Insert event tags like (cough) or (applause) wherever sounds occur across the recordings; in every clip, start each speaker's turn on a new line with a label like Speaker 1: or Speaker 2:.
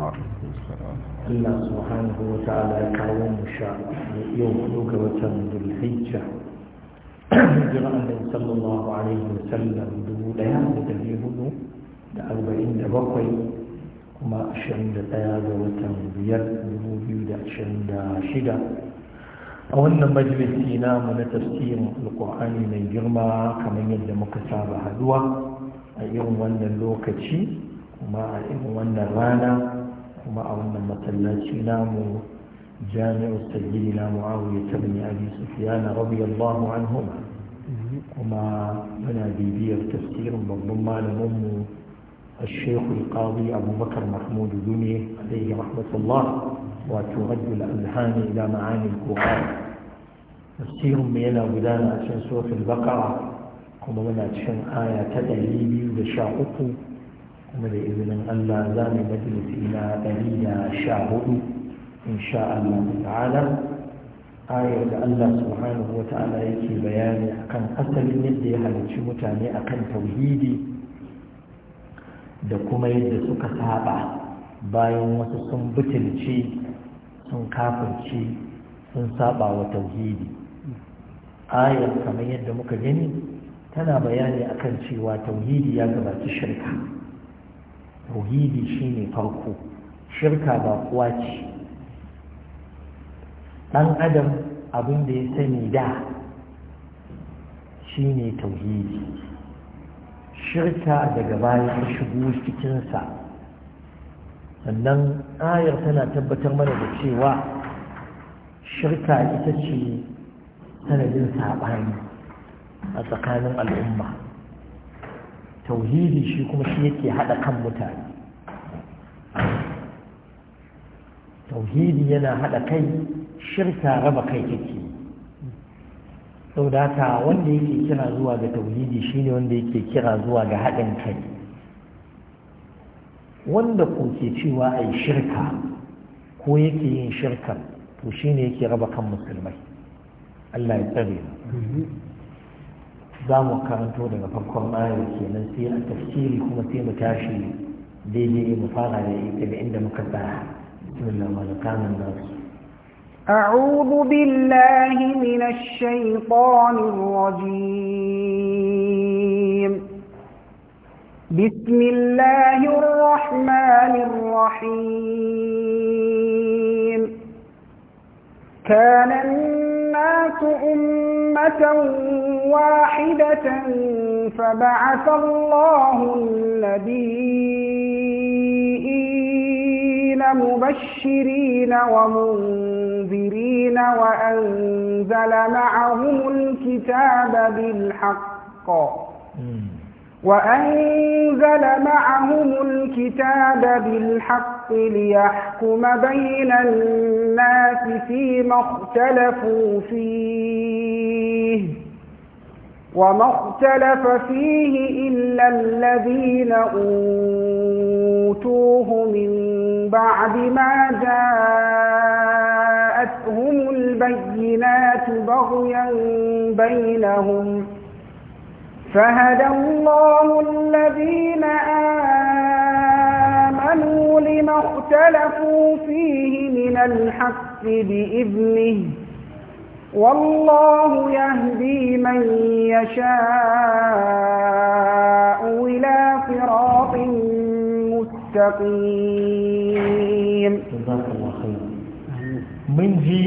Speaker 1: Allah
Speaker 2: subhanahu wa ta'ala ya kawo mu sha yau hudu ga watan Zulhijja hijira annabi sallallahu alaihi wa sallam dubu daya da dari hudu da arba'in da bakwai kuma ashirin da daya ga watan biyar dubu biyu da ashirin da shida a wannan majalisi mu na tafsirin alkur'ani mai girma kamar yadda muka saba haduwa a irin wannan lokaci kuma a irin wannan rana وما أظن wannan masallaci namu جامع إلى معاوية بن أبي سفيان رضي الله عنهما وما بنا بيبير تفسير مظلما لنم الشيخ القاضي أبو بكر محمود دني عليه رحمة الله وترد الألحان إلى معاني القرآن تفسير من أبدان أشن سورة البقرة وما بنا أشن آية تدعي بي kuma da izinin Allah za mu majalisi na ɗari da sha hudu insha Allah ta'ala ayar da Allah subhanahu wa ta'ala yake bayani akan asalin yadda ya halarci mutane akan tauhidi da kuma yadda suka saba bayan wasu sun butulci sun kafirci sun saba wa tauhidi ayar kamar yadda muka gani tana bayani akan cewa tauhidi ya gabaci shirka tauhidi shine farko shirka ba kuwa ce ɗan adam abin da ya sani da shine tauhidi shirka daga bayan shigo cikinsa sannan ayar tana tabbatar mana da cewa shirka ita ce sanadin saɓani a tsakanin al'umma tauhidi shi kuma shi yake haɗa kan mutane tauhidi yana haɗa kai shirka raba kai kake sau wanda yake kira zuwa ga tauhidi shine wanda yake kira zuwa ga haɗin kai wanda ko ke cewa a shirka ko yake yin shirka to shine yake raba kan musulmai Allah ya tsare za mu karanto daga farkon ayar kenan sai a tafsiri kuma sai mu tashi daidai mu fara da ita da inda muka tsara bismillah malakanan nasu
Speaker 3: أعوذ بالله من الشيطان الرجيم بسم الله الرحمن الرحيم كان الناس أمة واحدة فبعث الله النبيين مبشرين ومنذرين وأنزل معهم الكتاب بالحق وأنزل معهم الكتاب بالحق ليحكم بين الناس فيما اختلفوا فيه وما اختلف فيه إلا الذين أوتوه من بعد ما جاءتهم البينات بغيا بينهم فهدى الله الذين آمنوا لما اختلفوا فيه من الحق بإذنه والله يهدي من يشاء إلى صراط مستقيم جزاك الله خير
Speaker 2: من جي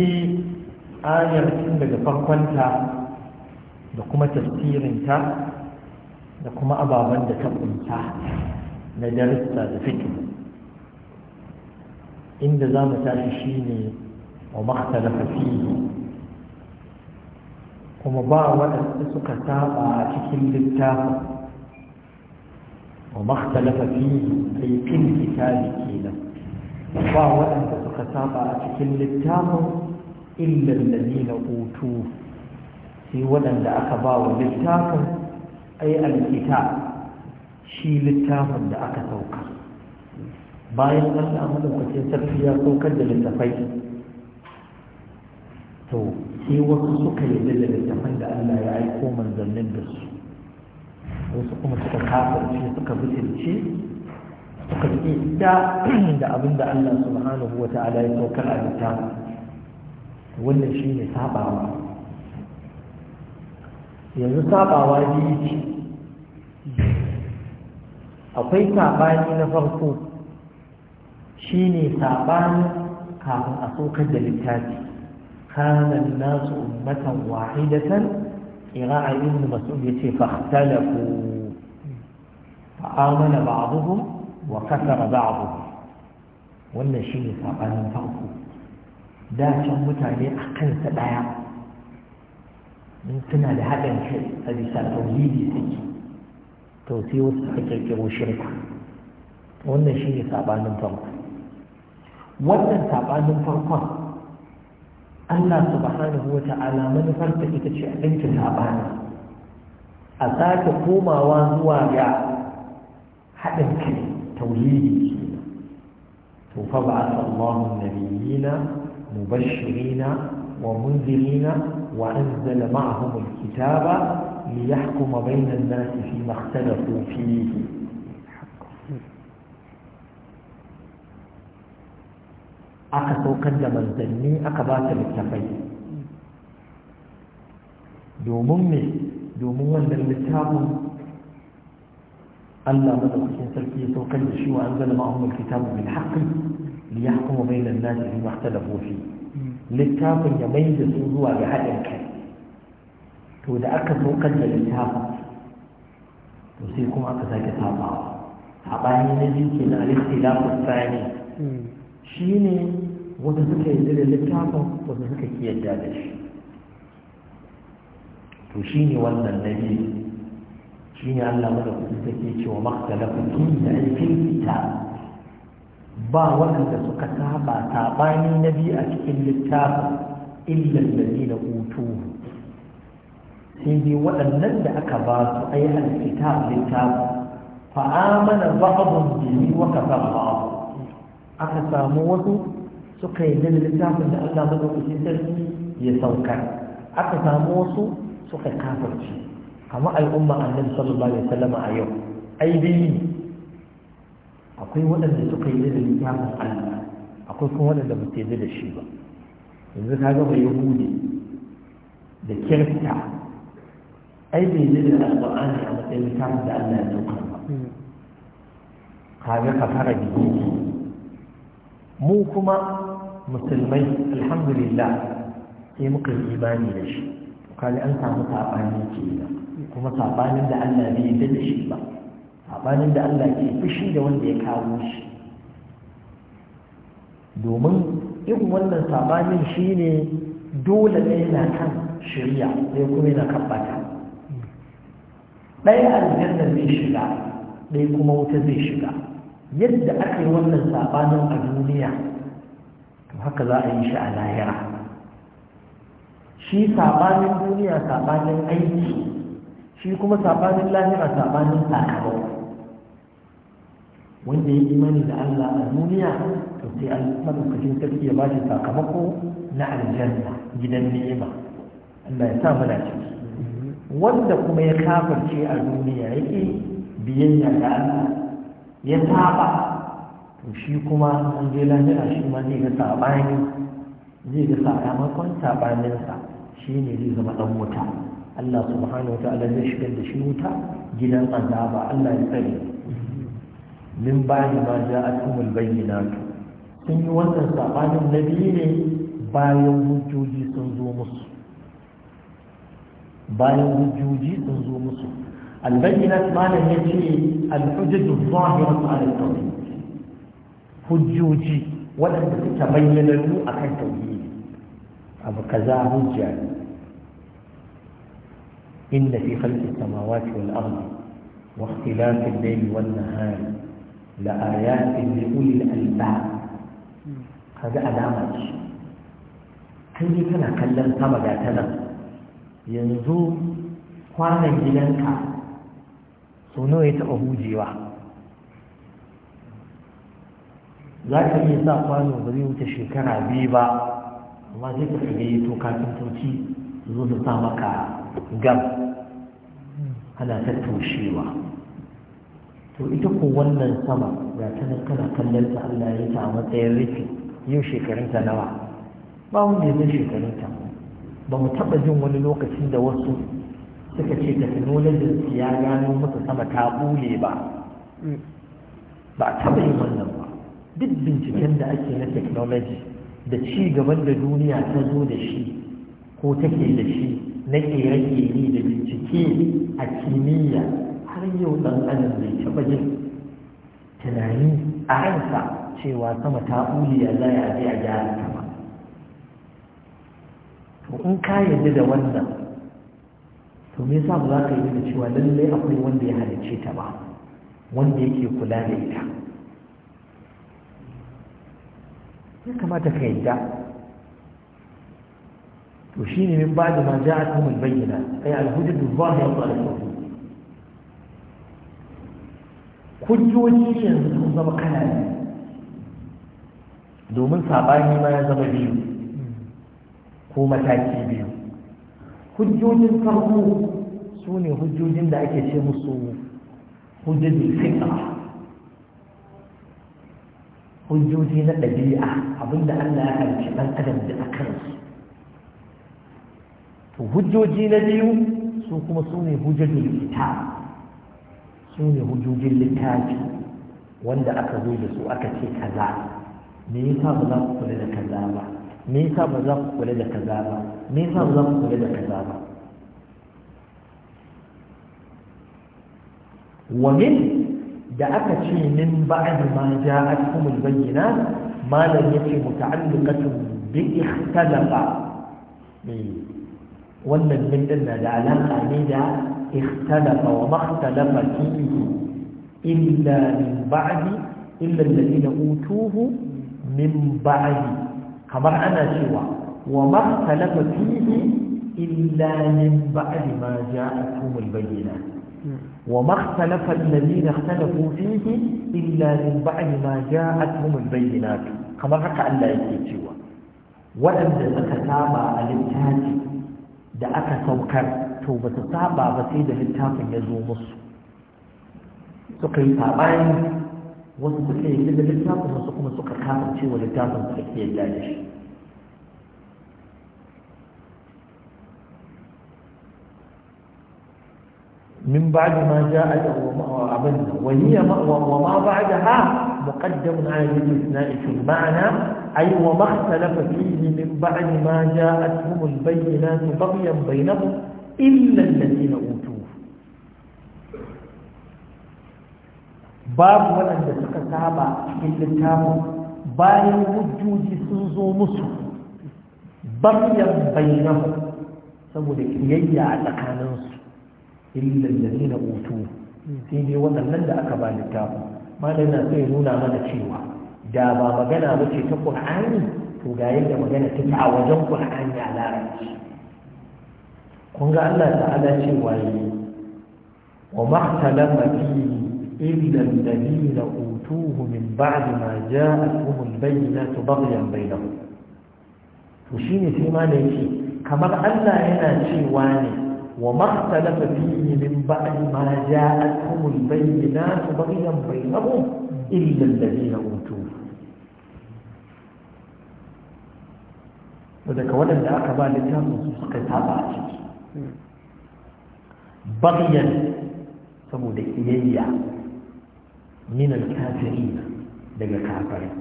Speaker 2: آية من فقوانتا لكم تفسيرنتا لكم أبابا تقنتا لدرستا لفكر إن ذا متاشي شيني وما اختلف فيه kuma ba waɗanda suka saba a cikin littafin wa makhtalafa fihi ay fil kitabi kenan ba waɗanda suka saba a cikin littafin illa alladhina utu sai waɗanda aka ba wa littafin ay alkitab shi littafin da aka sauka bayan Allah madaukakin sarki ya saukar da littafai to sai wasu suka yi da littafan da Allah ya aiko manzannin da su wasu kuma suka kafirce suka bitirce suka ƙi da (clears throat) da abin da Allah subhanahu wa ta'ala ya saukar a ta wannan shi ne sabawa yanzu sabawa biyu ce akwai sabani na farko shi ne sabani kafin a saukar da littafi كان الناس أمة واحدة قراءة ابن مسعود يتي فاختلفوا فآمن بعضهم وكفر بعضهم wannan shi ne saɓanin farko dacen mutane a kansa ɗaya in da haɗin kai a bisa tauhidi suke to sai wasu suka kirkiro shirka wannan farko wannan saɓanin farkon Allah subhanahu wa ta'ala manufarta ita ce abincin labarin a sake komawa zuwa ya haɗin kai tauriri to fa ba a sallahu nabiyina mubashirina wa munzirina wa an zala ma'ahumul kitaba li yahkuma bainan nasi fi makhtalafu fihi aka saukar da manzanni aka ba su littafai domin me domin wannan littafin Allah madaukakin sarki ya saukar da shi wa an zala ma'amul kitabu bil haqqi li yahkuma bayna an-nasi fi mahtalafu fi littafin ya mai da su zuwa ga haɗin kai to da aka saukar da littafin to sai kuma aka sake sabawa a bayan na biyu ke na alistilafu tsani hmm. shine wasu suka yi da littafin wasu suka ki da shi to shi ne wannan nabi shi ne allah ta ke cewa maktalafin tun da aikin kitab ba waɗanda suka saba saɓani na biyu a cikin littafin illan da na hutu sai dai waɗannan da aka ba su ai alkitab littafin fa'amana ba'adun jini wa kasar aka samu wasu suka yi da littafin da Allah madaukakin sarki ya saukar aka samu wasu suka kafirce kamar al'umma annabi sallallahu alaihi wasallam a yau ai biyu akwai waɗanda suka yi da littafin Allah akwai kuma waɗanda ba su yi da shi ba yanzu ka ga yahudi da kirista ai bai yi da alƙur'ani a matsayin littafin da Allah ya saukar ba hmm. ka ga kafara biyu mu kuma musulmai alhamdulillah sai muka yi imani da shi kali an samu saɓani ke kuma saɓanin da Allah bai yi da shi ba saɓanin da Allah ke fushi da wanda ya kawo shi domin irin wannan saɓanin shi ne dole ne yana kan shirya sai kuma yana kan bata ɗaya aljanna zai shiga ɗaya kuma wuta zai shiga yadda ake wannan sabanin a duniya to haka za a yi shi a lahira shi sabanin duniya sabanin aiki shi kuma sabanin lahira sabanin sakamako wanda ya imani da Allah a duniya to sai an madaukakin sarki ya ba shi sakamako na aljanna gidan ni'ima Allah ya sa mu ciki, wanda kuma ya kafarce a duniya yake biyayya da Allah ya saba to shi kuma an je lahira shi ma zai ga sabani zai ga sakamakon sabaninsa shi ne zai zama dan wuta Allah subhanahu wa ta'ala zai shigar da shi wuta gidan azaba Allah ya tsare min bani ma ja'atumul bayyinatu sun yi wannan sabanin nabi ne bayan hujjoji sun zo musu bayan hujjoji sun zo musu البينة ما لم يجي الحجج الظاهرة على التوحيد حجوجي ولم تتبين له أكن توحيد أبو كذا حجة إن في خلق السماوات والأرض واختلاف الليل والنهار لآيات لأولي الألباب هذا علامة كيف نتكلم كلام سما لك ينزو kwanan gidanka sau nawa ya taɓa hujewa za ka iya sa kwano ba zai wuce shekara biyu ba amma zai ka shiga yi to kafin tauci su zo su sa maka gam ana ta toshewa to ita ko wannan sama ga ta nan kana kallon ta Allah ya ta a matsayin rufi yau shekarun ta nawa ba wanda ya shekarun ta ba mu taɓa jin wani lokacin da wasu suka ce technologin su ya gano musu sama ta bule ba ba a taɓa yin wannan ba duk binciken da ake na technology da ci gaban da duniya ta zo da shi ko take da shi na ƙere-ƙere da bincike a kimiyya har yau ɗan ɗanɗanin bai taɓa jin tunani a ransa cewa sama ta bule a zaya a gyara ta ba to in ka yarda da wannan to me yasa ba za ka yi da cewa lallai akwai wanda ya halicce ta ba wanda yake kula da ita ya kamata ka yadda to shi ne min ba da ma ja a bayyana ai alhujjar da zuwa ya zuwa da yanzu sun zama kana ne domin sabani ma ya zama biyu ko mataki biyu hujjojin farko su ne hujjojin da ake ce musu hujjojin fitra hujjoji na ɗabi'a abinda Allah ya halicci ɗan adam da a kansu to hujjoji na biyu su kuma su ne hujjojin kitab su ne hujjojin littafi wanda aka zo da su aka ce kaza me yasa ba za ku kula da kaza ba me yasa ba za ku kula da kaza ba me yasa ba za mu kula da kaza ba wa min da aka ce min ba'd ma ja'atkum al-bayyinat malam yace muta'alliqatun bi ikhtalafa eh, wannan min din da alaka ne da ikhtalafa wa ma ikhtalafa fihi illa min ba'di illa alladhina utuhu min ba'di kamar ana cewa وما اختلف فيه إلا من بعد ما جاءتهم البينات وما اختلف الذين اختلفوا فيه إلا من بعد ما جاءتهم البينات كما حكى الله يكتشوا وأن أكتابا الانتاج da aka saukar to ba su saba ba sai da littafin ya zo musu suka yi saɓani wasu suka yi da littafin wasu kuma suka kama cewa littafin suka ke yadda da shi من بعد ما جاء أبنى وهي وما بعدها مقدم على الاستثناء في المعنى أي وما اختلف فيه من بعد ما جاءتهم البينات بغيا بينهم إلا الذين أوتوه باب ولن تتكتابع إلا التابع باي وجود سوزو مصر بغيا بينهم سمو لك يجي على قانونسو illa na utu, sai dai wannan nan da aka ba littafin malam na sai nuna mana cewa da ba magana ba ce ta ƙur'ani? to ga yadda magana ta a wajen ƙur'ani a larabci kun ga Allah ta'ala cewa yi wa mahtalama fihi illa alladhina utuhu min ba'd ma ja'atuhum al-bayyinatu baghyan bainahum to shine sai malam yake kamar Allah yana cewa ne وما اختلف فيه من بعد ما جاءتهم البينات بغيا بينهم إلا الذين أوتوه وذلك ولم يأك بالك مصفق تاباتي بغيا فمود إليا من الكافرين لك كافرين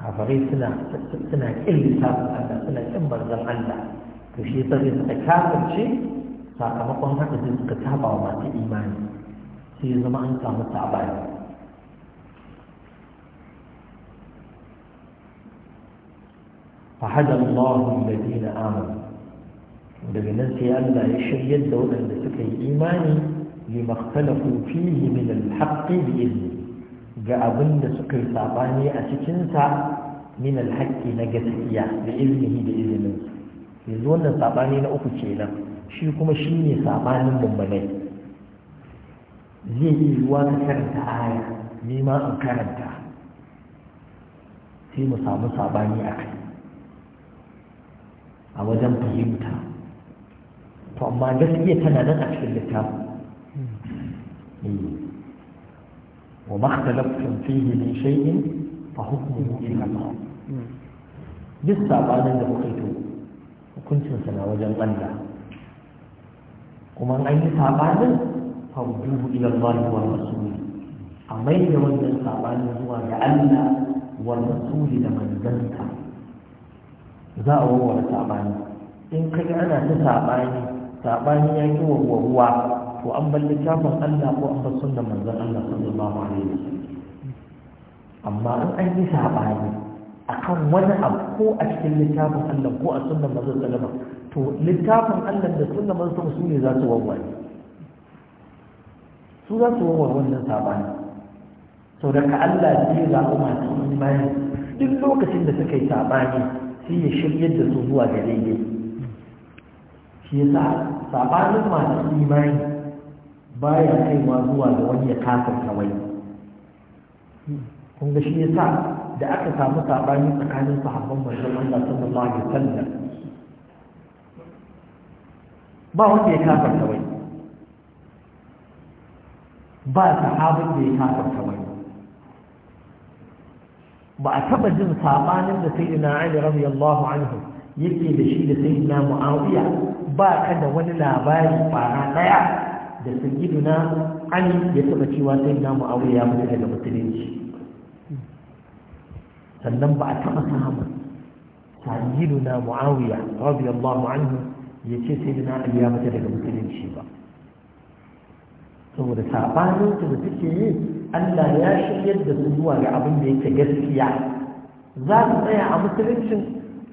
Speaker 2: كافرين سنة سنة كل سابقا سنة إمبر ذا في فشي طريق كافر شيء sakamakon haka sai suka taba wa masu imani sai zama an samu sabani فحد الله الذين آمنوا daga nan sai Allah ya shiryar da waɗanda suka yi imani lima ikhtalafu yi min alhaƙi da bi ga abin da suka yi sabani a cikin min alhaƙi na gaskiya da izini da izinin yanzu wannan sabani na uku kenan shi kuma shi ne sabanin mummunai zai yi yiwuwa ka karanta aya ni ma an karanta sai mu samu sabani a kai a wajen fahimta to amma gaskiya tana nan a cikin littafin eh. wa makhtalaftum fihi min shay'in fa hukmuhu ila Allah hmm. duk sabanin da kuka yi to hukuncin sa na wajen Allah kuma an yi sabanin fawduhu ila Allah wa rasuli a mai da wannan sabanin zuwa ga Allah wa rasuli da
Speaker 1: manzanta
Speaker 2: za a warware sabani in ka yi ana ta sabani sabani ya wa warwaruwa to an bar littafin Allah ko an bar sunnar manzon Allah sallallahu alaihi wasallam amma in an yi sabani akan wani abu ko a cikin littafin Allah ko a sunnar manzon sallallahu alaihi wasallam to littafin Allah da sunna manzon su ne za su warware su za su warware wannan sabani sau da ka Allah ne ya zaɓi masu imani duk lokacin da suka yi sabani sai ya shiryar da su zuwa ga daidai shi yasa sabanin masu imani baya ma zuwa ga wani ya kafin kawai kun ga shi sa da aka samu sabani tsakanin sahabban manzon Allah sallallahu alaihi wasallam ba wanda ya kafarta wai ba sahabin da ya kafarta wai ba a taba jin sabanin da sayyidina Ali radiyallahu anhu yake da shi da sayyidina Muawiya ba ka da wani labari fara daya da sayyidina Ali ya taba cewa sayyidina Muawiya ya mutu daga musulunci sannan ba a taba samun sayyidina Muawiya radiyallahu anhu يكي سيدنا اليامة لك مسلم شيبا ثم لسعبانه أن لا يشي يد الزوا لعبن يتجسيا
Speaker 1: ذات ما يعمل تلكشن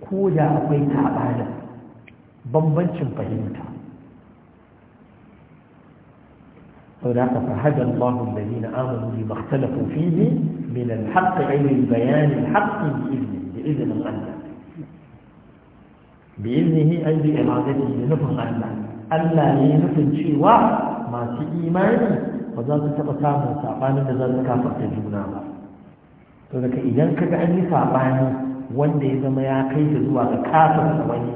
Speaker 2: كولا أبي تعبانه بمبنشن فهمتا فهدى الله الذين آمنوا لما اختلفوا فيه من الحق عين البيان الحق بإذن بإذن الله bi'iznihi an bi iradatihi da nufin Allah Allah ne nufin cewa masu imani ba za su taɓa samun saɓanin da za su kafa ta juna ba to daga idan ka ga an yi saɓani wanda ya zama ya kai ta zuwa ga kafarta wani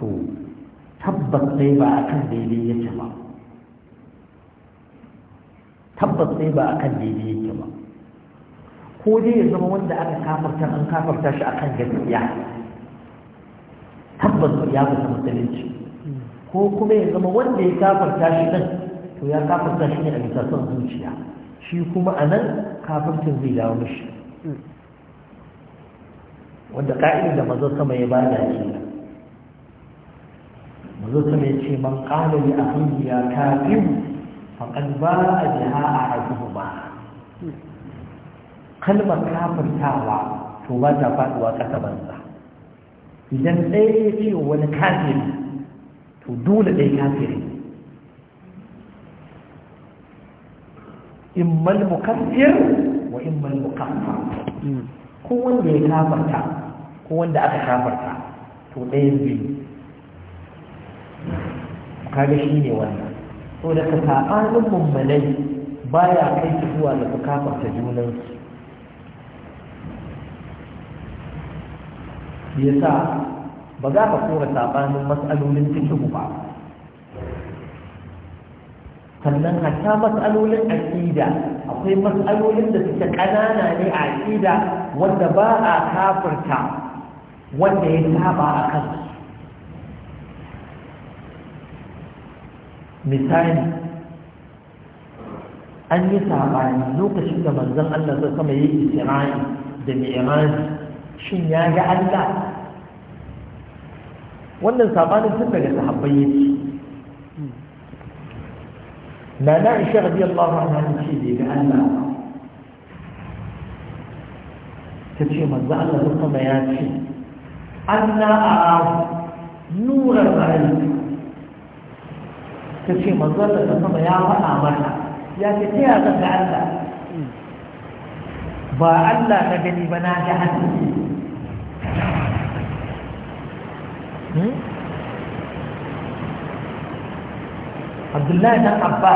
Speaker 2: to tabbas sai ba a kan daidai yake ba tabbas sai ba a kan daidai yake ba ko dai ya zama wanda aka kafarta an kafarta shi akan gaskiya tabbas ya fita musulunci ko kuma ya zama wanda ya kafarta shi nan to ya kafarta shi ne a bisa son zuciya shi kuma a nan kafircin zai dawo mishi wanda ka'idar da mazo sama ya bada ce mazo sama ya ce man a li akhihi ya kafir faqad a biha ba. kalmar kafirtawa to ba ta faduwa ƙasa banza idan ɗaya ya ce wani kafiri to dole ɗaya kafiri immal mukaffir wa immal mukaffa hmm. ko wanda ya kafarta ko wanda aka kafarta to ɗayan biyu kaga shi ne wannan to daga saɓanin mummalai baya kai zuwa da su kafarta junansu shi yasa ba za ka kora sabanin matsalolin fikihu ba sannan hatta matsalolin aƙida akwai matsalolin da suke ƙanana ne a aƙida wanda ba a kafirta wanda ya saba a kan misali an yi saɓani lokacin da manzon Allah zai kama yi isra'i da mi'raji shin ya ga Allah wannan sabanin tun daga sahabbai yake na na isha radiyallahu anha ta ce bai ga Allah ta ce manzo Allah ta sama ya ce anna a nurar ra'ayi ta ce manzo Allah ta sama ya faɗa mata ya ce ta ya ga Allah hmm. ba Allah na gani ba na ga Allah Hmm? abdullahi na Abba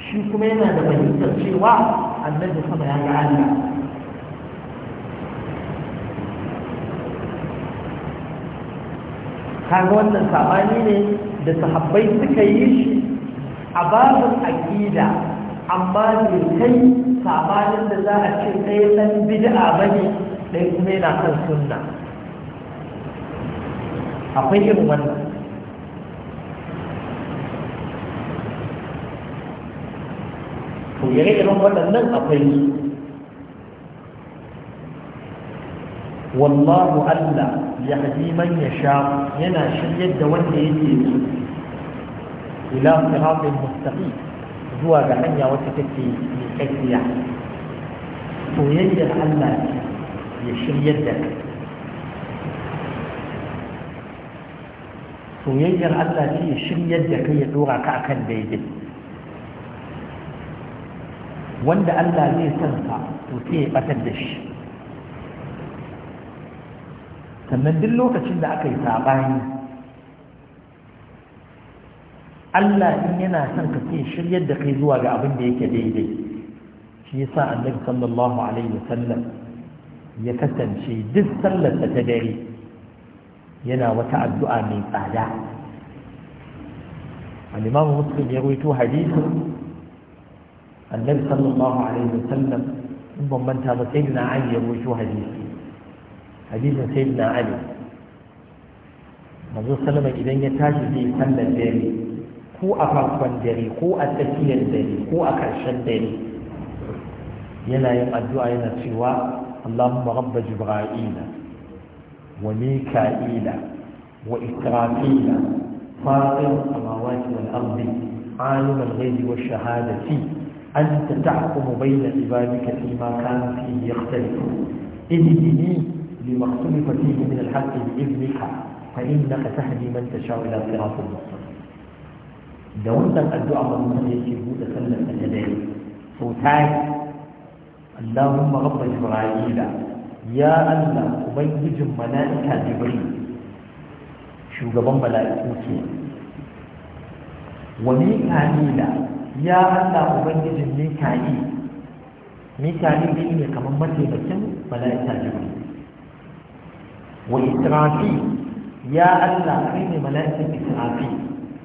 Speaker 2: shi kuma yana da fahimtar cewa annabi sama ya ga allah kaga wannan sabani ne da sahabbai suka yi shi a babin aƙida amma bai kai sabanin da za a ce ɗaya ɗan bid'a bane ɗaya kuma yana kan sunna akwai irin wannan to yare irin waɗannan akwai su wallahu Allah ya haji man ya sha yana shiryar da wanda ya yake so ila siratin mustaqim zuwa ga hanya wacce take mai tsakiya soyayyar Allah ya shiryar da kai soyayyar Allah shi ya shirya da kai ya dora ka akan daidai wanda Allah zai san sa to sai ya batar da shi sannan duk lokacin da aka yi sabani Allah in yana son ka sai shiryar da kai zuwa ga abin da yake daidai shi yasa annabi sallallahu alaihi wasallam ya kasance duk sallar ta dare yana wata addu'a mai tsada al-imam muslim ya rawaito hadisin annabi sallallahu alaihi wasallam in ban manta ba sai na ali ya rawaito hadisi hadisin sai na ali manzo sallama idan ya tashi zai sallar dare ko a farkon dare ko a tsakiyar dare ko a ƙarshen dare yana yin addu'a yana cewa اللهم رب جبرائيل وميكائيل وإسرافيل فاطر السماوات والأرض عالم الغيب والشهادة أنت تحكم بين عبادك فيما كانوا فيه يختلفون اهدني لما اختلف فيه من الحق بإذنك فإنك تهدي من تشاء إلى صراط المستقيم da wannan addu'a manzon yake buɗe sallar ta dare sau tari Allahumma rabba Ibrahim ya Allah ubangijin mala'ika jibril shugaban mala'iku ke wa mika'ila ya Allah ubangijin mika'i mika'i din ne kamar mataimakin mala'ika jibril wa israfi ya Allah kai ne mala'ikan israfi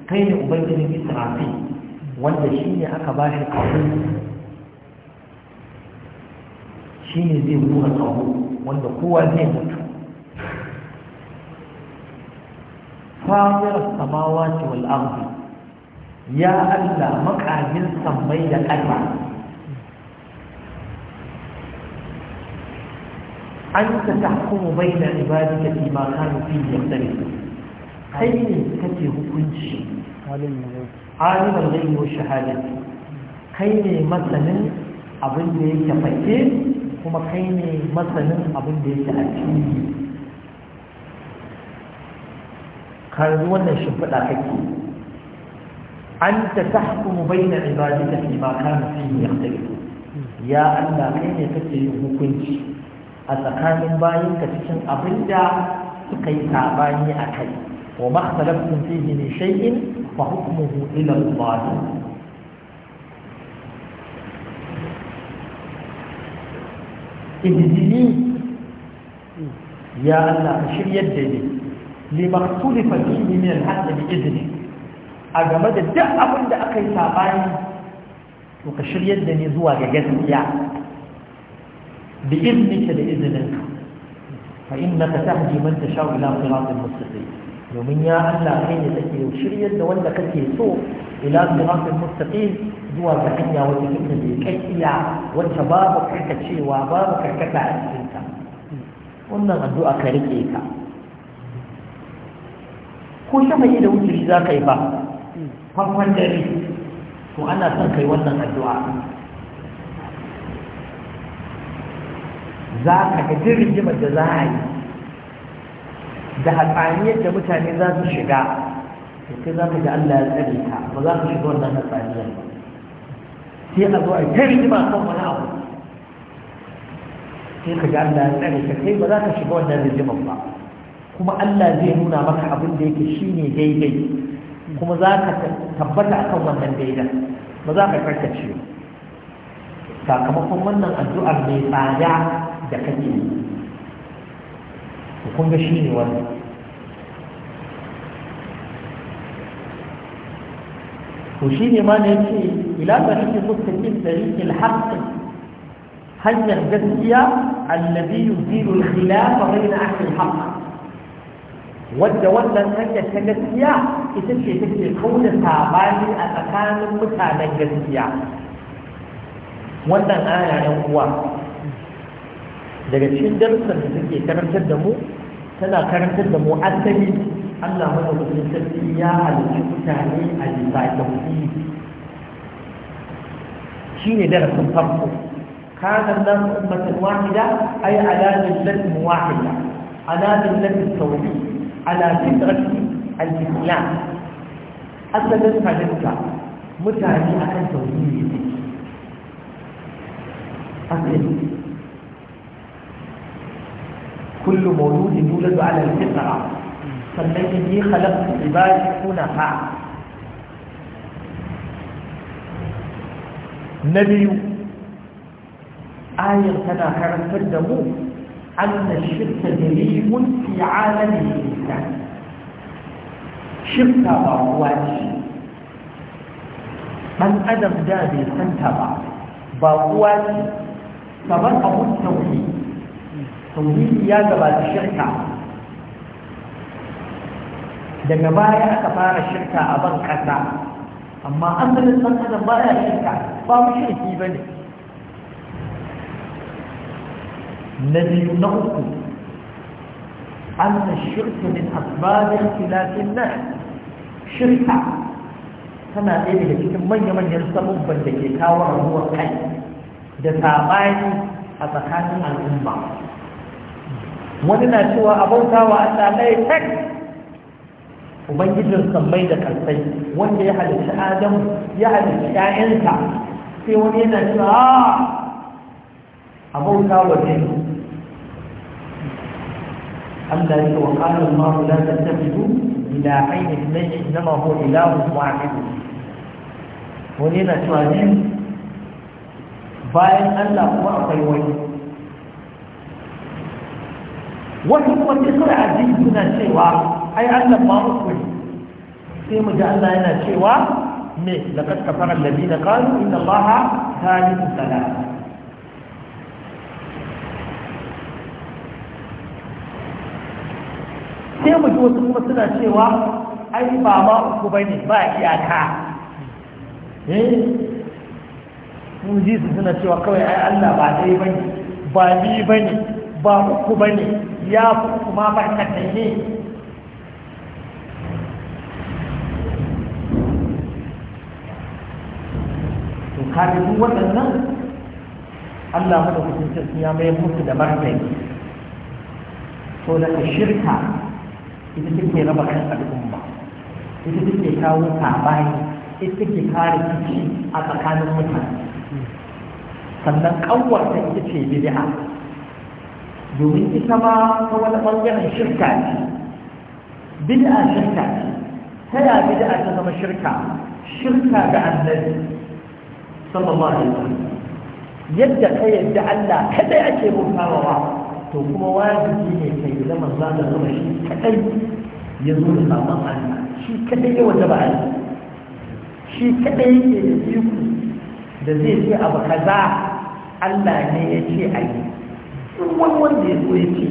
Speaker 2: kai ne ubangijin israfi wanda shi ne aka ba shi kawo shi ne zai buga kawo wanda kowa zai mutu famirar samawa ce wal'arzi ya Allah makamin sammai da ƙasa an ta tahkumu bai da ibadi ta fi ma kanu fi ya kai ne kake hukunci alimar zai yi shahadati kai ne masanin abin da yake fake kuma kai ne masanin abin da yake a fili kanzu wannan shimfiɗa kake an ta tahkumu bayna ibadika fi ma kana fihi Ya ya Allah kai ne kake yin hukunci a tsakanin ka cikin abin da suka yi sabani a kai wa ma ikhtalaftun fihi min shay'in fa hukmuhu ila Allah اهدني يا الله اشر يدني لما اختلف فيه من الحق باذنك اجمع الدعاء من اكل ساباني وكشر يدني زوى لجزيا باذنك باذنك فانك تهدي من تشاء الى صراط المستقيم يوم يا الله حين تكي وشر يد ولا سوء الى صراط المستقيم zuwa ga hanya wacce take mai kakkiya wacce babu karkacewa babu karkata a cikinta wannan addu'a ka rike ka ko yi da wuturi za ka yi ba farkon dare to ana son kai wannan addu'a za ka ga duk rigimar da za a yi da hatsaniyar da mutane za su shiga sai za ka ga Allah ya tsare ka ba za ka shiga wannan hatsaniyar ba sai a zo a ta rigima kan wani abu sai ka ga Allah ya tsare ka kai ba za ka shiga wannan rigiman ba kuma Allah zai nuna maka abin da yake shine daidai kuma za ka tabbata akan wannan daidai ba za ka karkace sakamakon wannan addu'ar mai tsada da kake yi kun ga shine wannan to shi ne ma ne ce ila tariqi mustaqim tariqi al-haqq hanyar gaskiya allazi yuzilu al-khilaf bayna ahli al-haqq wadda wannan hanyar ta gaskiya ita ce take kauda sabani a tsakanin mutanen gaskiya wannan aya na uwa daga cikin darussan da suke karantar da mu tana karantar da mu asali Allah madaukakin sarki ya halitta mutane a bisa tauhidi shine darasin farko kana nan ummatan wahida ay ala millatin wahida ala millatin tauhid ala fitrati al-islam asalin halitta mutane akan tauhidi ne asali kullu mawludin yuladu ala al-fitra sannan inni khalaqtu ibadi hunafa na biyu ayar tana karantar da mu أن الشرك دليل في عالم الإنسان شرك باقواتي من أدم دابي سنتبع باقواتي فمن أبو التوحيد توحيد يا جبال الشركة daga baya aka fara shirka a ban kasa amma asalin ɗan baya shirka ba mu shirki ba ne na biyu na uku أن ne a أسباب اختلاف الناس شركة tana ɗaya daga cikin manya-manyan sabubban da ke kawo rabuwar kai da saɓani a tsakanin al'umma wani na cewa a bautawa Allah ɗaya ubangijin sammai da kansai wanda ya halitta adam ya halitta ƴaƴansa sai wani yana cewa ah! a bauta wa ne Allah ya wa qala Allah la tattabidu ila ayni ilayhi inma huwa ilahun wahid wani yana cewa ne bayan Allah kuma akwai wani wasu kuma suna addini suna cewa ai Allah ba mu sai mu ji Allah yana cewa me da laqad kafara alladhina qalu inna ta thalithu thalatha sai mu ji wasu kuma suna cewa ai ba ma uku ba bane ba iyaka eh mun ji su suna cewa kawai ai Allah ba dai bane ba ni ba bane ba uku ba bane ya kuma ba kaɗai ne kaga duk waɗannan Allah madaukakin sarki ya mayar musu da martani to daga shirka ita take raba kan al'umma ita take kawo sabani ita take kare kici a tsakanin mutane sannan kanwarta ita ce bid'a domin ita ma ta wani bangaren shirka ce bid'a shirka ce ta ya bid'a ta zama shirka shirka ga annabi sallallahu alaihi wasallam yadda ka yadda Allah kadai ake bautawa to kuma wajibi ne kai zama za da zama shi kadai ya zo da sabon Allah shi kadai ya wajaba Allah shi kadai ya da iko da zai ce abu kaza Allah ne ya ce a yi in wani wanda ya zo ya ce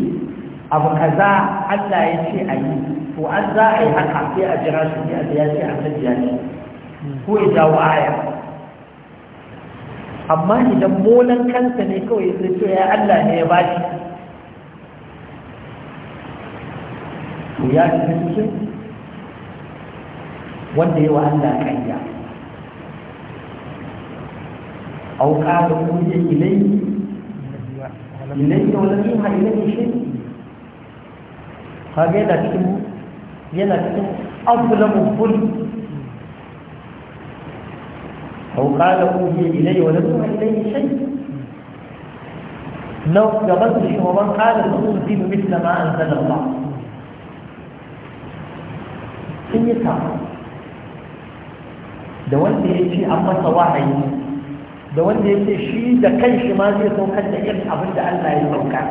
Speaker 2: abu kaza Allah ya ce a yi to an za a yi haka sai a jira shi ne a ya ce a kan ya ce ko ya jawo aya amma idan molan kansa ne kawai sai ce ya Allah ne ya ba shi ku ya yi cikin wanda wa Allah kanya au qala uja ilayhi ilayhi wa lam yuha ilayhi shay kage da cikin yana cikin azlamu kulli أو قال أوهي إلي ولم يوحى إليه شيء لو قبلت ومن قال سأنزل مثل ما أنزل الله sun yi kama da wanda ya ce an masa wahayi da wanda ya ce shi da kan shi ma zai saukar da irin abin da Allah ya sauka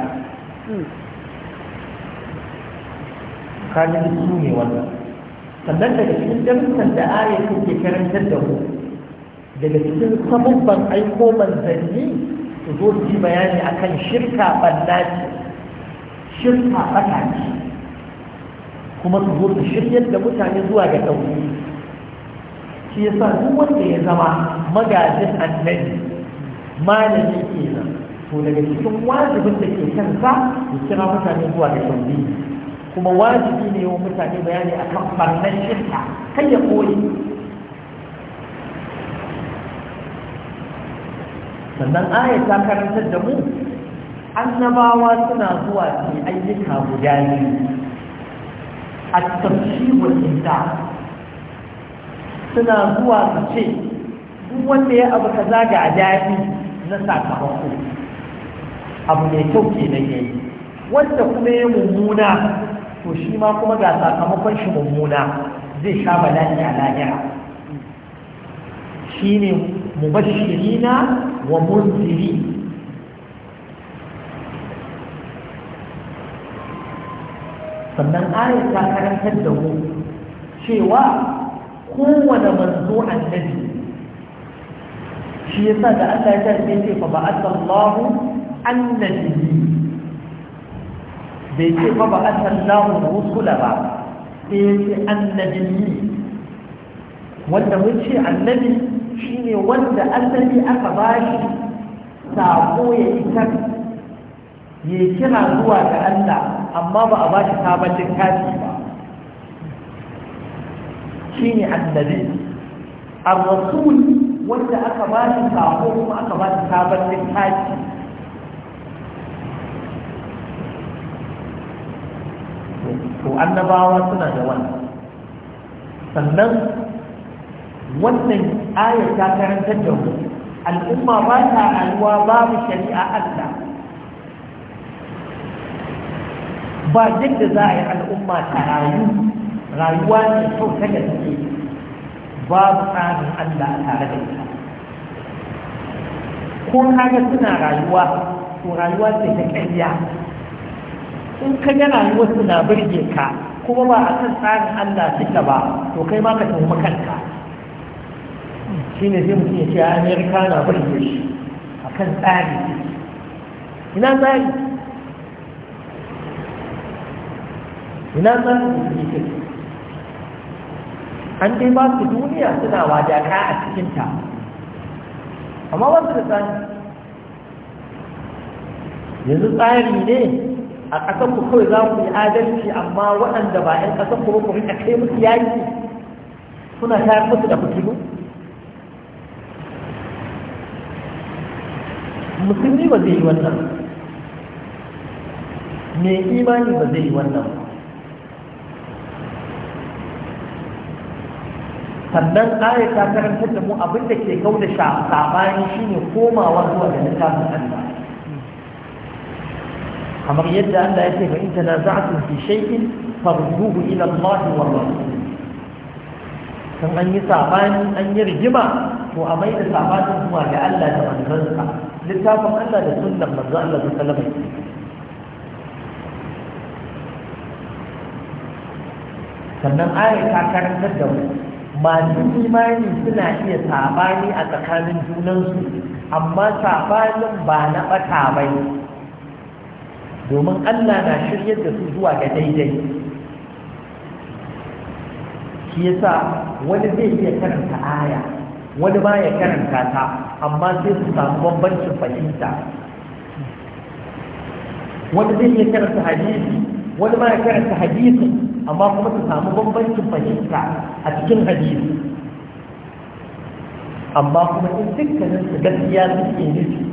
Speaker 2: kanin su ne wannan sannan daga cikin darussan da aya ke karantar da mu daga cikin sabubban aiko manzanni su zo su yi bayani akan shirka banna ce shirka bata ce kuma su zo su shiryar da mutane zuwa ga ɗauki shi yasa duk wanda ya zama magajin annabi malami ke kenan to daga cikin wajibin da ke kansa ya kira mutane zuwa ga ɗauki kuma wajibi ne wa mutane bayani akan barnar shirka kan ya koyi sannan ayat ta karantar da mu annabawa suna zuwa ne ayyuka guda ne a tafshi inda suna zuwa su ce duk wanda ya abu kaza a daɗi na sakamako abu mai kyau ke nan yayi wanda kuma ya mummuna to shi ma kuma ga sakamakon shi mummuna zai sha bala'i a lahira shi ne mubashirina ومنذري sannan ayar ta karantar da mu cewa kowane manzo annabi shi yasa da Allah ya tarbe ce fa ba'athallahu annabi bai ce fa ba'athallahu rusula ba sai ya ce annabi wanda mun ce annabi shine wanda asali aka bashi sako ya isar ya kira zuwa ga Allah amma ba a bashi sabatin kati ba ne annabi a rasul wanda aka shi sako kuma aka bashi sabatin kati to annabawa suna da wannan sannan wannan ayar ta karantar da mu al'umma ba ta alwa babu shari'a Allah ba duk da za a yi al'umma ta rayu rayuwa ne kyau ta gaske babu tsarin Allah tare da ita ko kaga suna rayuwa to rayuwa ce ta ƙarya in ka ga rayuwar suna birge ka kuma ba a kan tsarin Allah suka ba to kai ma ka tuhumi kanka shi ne zai mutum ya ce amerika na bari da shi a kan tsari ina tsari ina tsari da su an dai ba su duniya suna wadaka a cikinta amma wasu da tsari yanzu tsari ne a ƙasar ku kawai za ku yi adalci amma waɗanda ba 'yan ƙasar ku ba ku rika kai musu yaki kuna tayar musu da fitilu musulmi ba zai yi wannan mai imani ba zai yi wannan sannan aya ta karantar da mu abin da ke kau da sabani shine komawa zuwa ga littafin Allah kamar yadda Allah ya ce fa in tanaza'tum fi shay'in farduhu ila Allah wa Rasul kan an yi sabani an yi rigima to a mai da sabanin zuwa ga Allah da manzansa littafin Allah da sunnan manzo Allah da sallama sannan ayar ta karantar da mu masu imani suna iya sabani a tsakanin junansu amma sabanin ba na bata bai domin Allah na shiryar da su zuwa ga daidai shi yasa wani zai iya karanta aya wani ba ya karanta ta amma sai su samu bambancin fahimta wani zai iya karanta hadisi wani ma ya karanta hadisi amma kuma su samu bambancin fahimta a cikin hadisi amma kuma in dukkanin su gaskiya suke nufi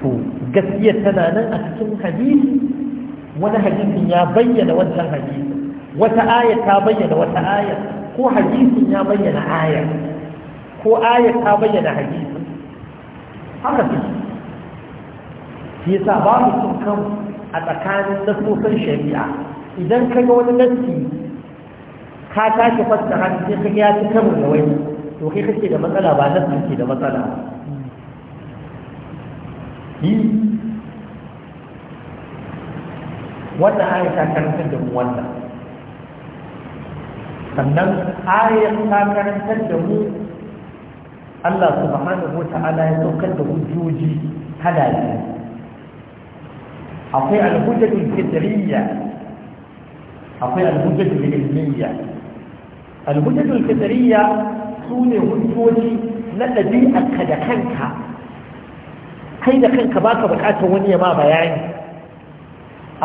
Speaker 2: to gaskiya tana nan a cikin hadisi wani hadisin ya bayyana wancan hadisi wata aya ta bayyana wata aya ko hadisin ya bayyana ayar? ko aya ta bayyana hadisi haka su shi yasa babu sun kan a tsakanin nasosan shari'a idan ka ga wani nasi ka tashi fassara sai ka ga ya ci karo da wani to kai kake da matsala ba nasi ke da matsala Yi wannan aya ta karantar da mu wannan sannan aya ta karanta da mu Allah subhanahu wata'ala ya saukar da hujjoji halaye akwai al-hujjatul fitriyya akwai al-hujjatul ilmiyya al-hujjatul fitriyya sune hujjoji na dabi'arka da kanka kai da kanka baka bukatar wani ya ma bayani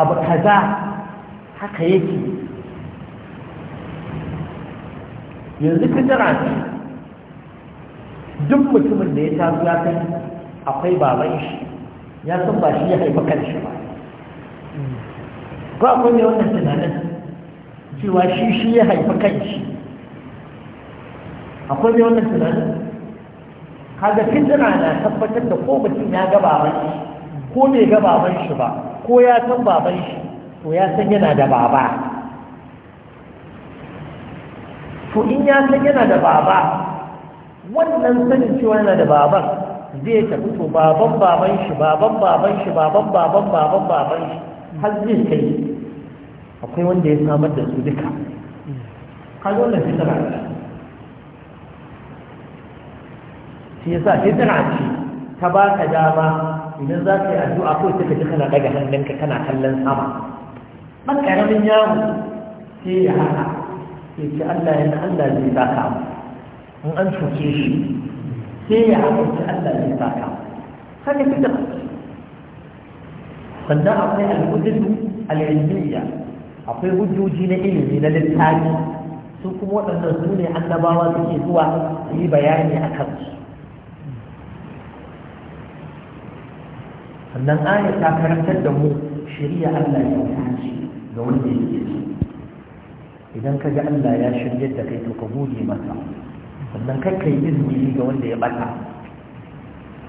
Speaker 2: abu kaza haka yake yanzu ka jira duk mutumin da ya taru ya san akwai baban shi ya san ba shi ya haifa shi ba ko akwai mai wannan tunanin cewa shi shi ya haifa shi. akwai mai wannan tunanin kaga tana na tabbatar da ko mutum ya ga baban shi ko bai ga baban shi ba ko ya san baban shi to ya san yana da baba to in ya san yana da baba wannan sanin cewa yana da baban zai tafi to baban baban shi baban baban shi baban baban baban baban shi har zai kai akwai wanda ya samar da su duka kazo na fitara shi ya yasa fitara ce ta ba da dama idan za ka yi addu'a ko ta kaji kana daga hannunka kana kallon sama ɗan ƙaramin yawo sai ya haka sai ce Allah yana Allah zai za ka in an cuce shi sai ya haƙurci Allah zai saka haka
Speaker 1: fi da sannan akwai
Speaker 2: al'ududu al'ilmiya akwai hujjoji na ilimi na littafi su kuma waɗannan su ne annabawa suke zuwa su yi bayani a kan su. sannan aya ta karantar da mu shirya Allah ya tashi ga wanda yake idan ka ga Allah ya shirya da kai to ka gode masa sannan kakka yi izini ga wanda ya bata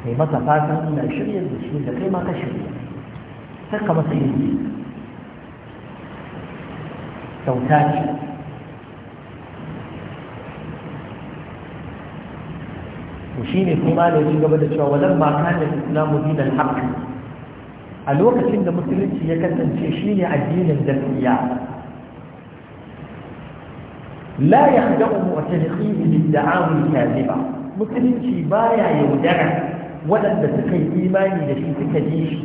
Speaker 2: kai masa fatan ina shirya da shi da kai ma ka shirya kakka masa izini kyauta ce to shi ne kuma da ya gaba da cewa wadan ma kanin islamu dinan haƙƙi a lokacin da musulunci ya kasance shi ne addinin gaskiya la yahdamu da bid-da'awi kadhiba musulunci baya yaudara waɗanda suka yi imani da shi suka ji shi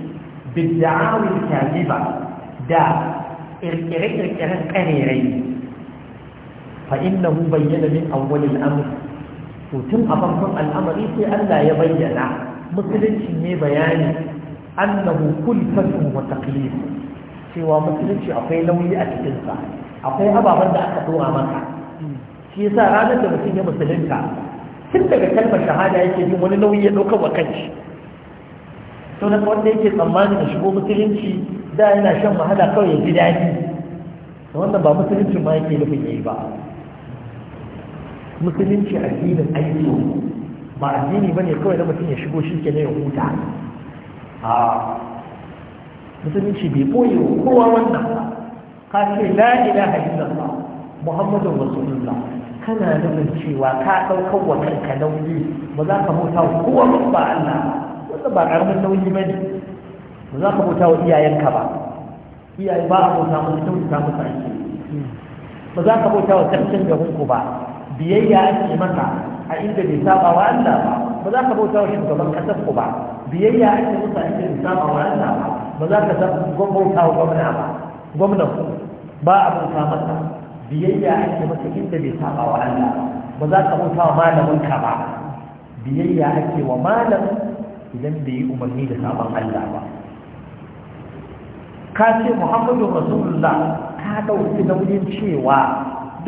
Speaker 2: bid-da'awi kadhiba da kirkire-kirkiren karerai fa innahu bayyana min awwal amr to tun a farkon al'amari sai Allah ya bayyana musulunci ne bayani annahu kulfatun wa taqlid cewa musulunci akwai nauyi a cikin sa akwai ababen da aka dora maka shi yasa ranar da mutum ya musulunta tun daga kalmar shahada yake jin wani nauyi ya ɗaukar wa kanshi sau na wanda yake tsammani da shigo musulunci da yana shan wahala kawai ya ji daɗi wannan ba musulunci ma yake nufin ya yi ba musulunci addinin aiki ba addini ba ne kawai da mutum ya shigo shi ke ne ya huta a musulunci bai koyi kowa wannan ba ka ce la ilaha illallah muhammadun rasulullah kana nufin cewa ka ɗaukar wa kanka nauyi ba za ka mota wa kowa ba Allah wanda ba ƙaramin nauyi ba ne ba za ka mota wa iyayenka ba iyaye ba a bauta musu ta musu ake ba za ka mota wa sarkin garinku ba biyayya ake maka a inda bai saba wa Allah ba ba za ka mota wa shugaban ƙasar ku ba biyayya ake musu a inda bai saba wa Allah ba ba za ka bauta wa gwamna ba gwamnan ba a mota masa biyayya ake masa inda bai saba wa Allah ba za ka bauta wa malamin ka ba biyayya ake wa malam idan bai yi umarni da sabon Allah ba ka ce Muhammadu Rasulullah ka dauki nauyin cewa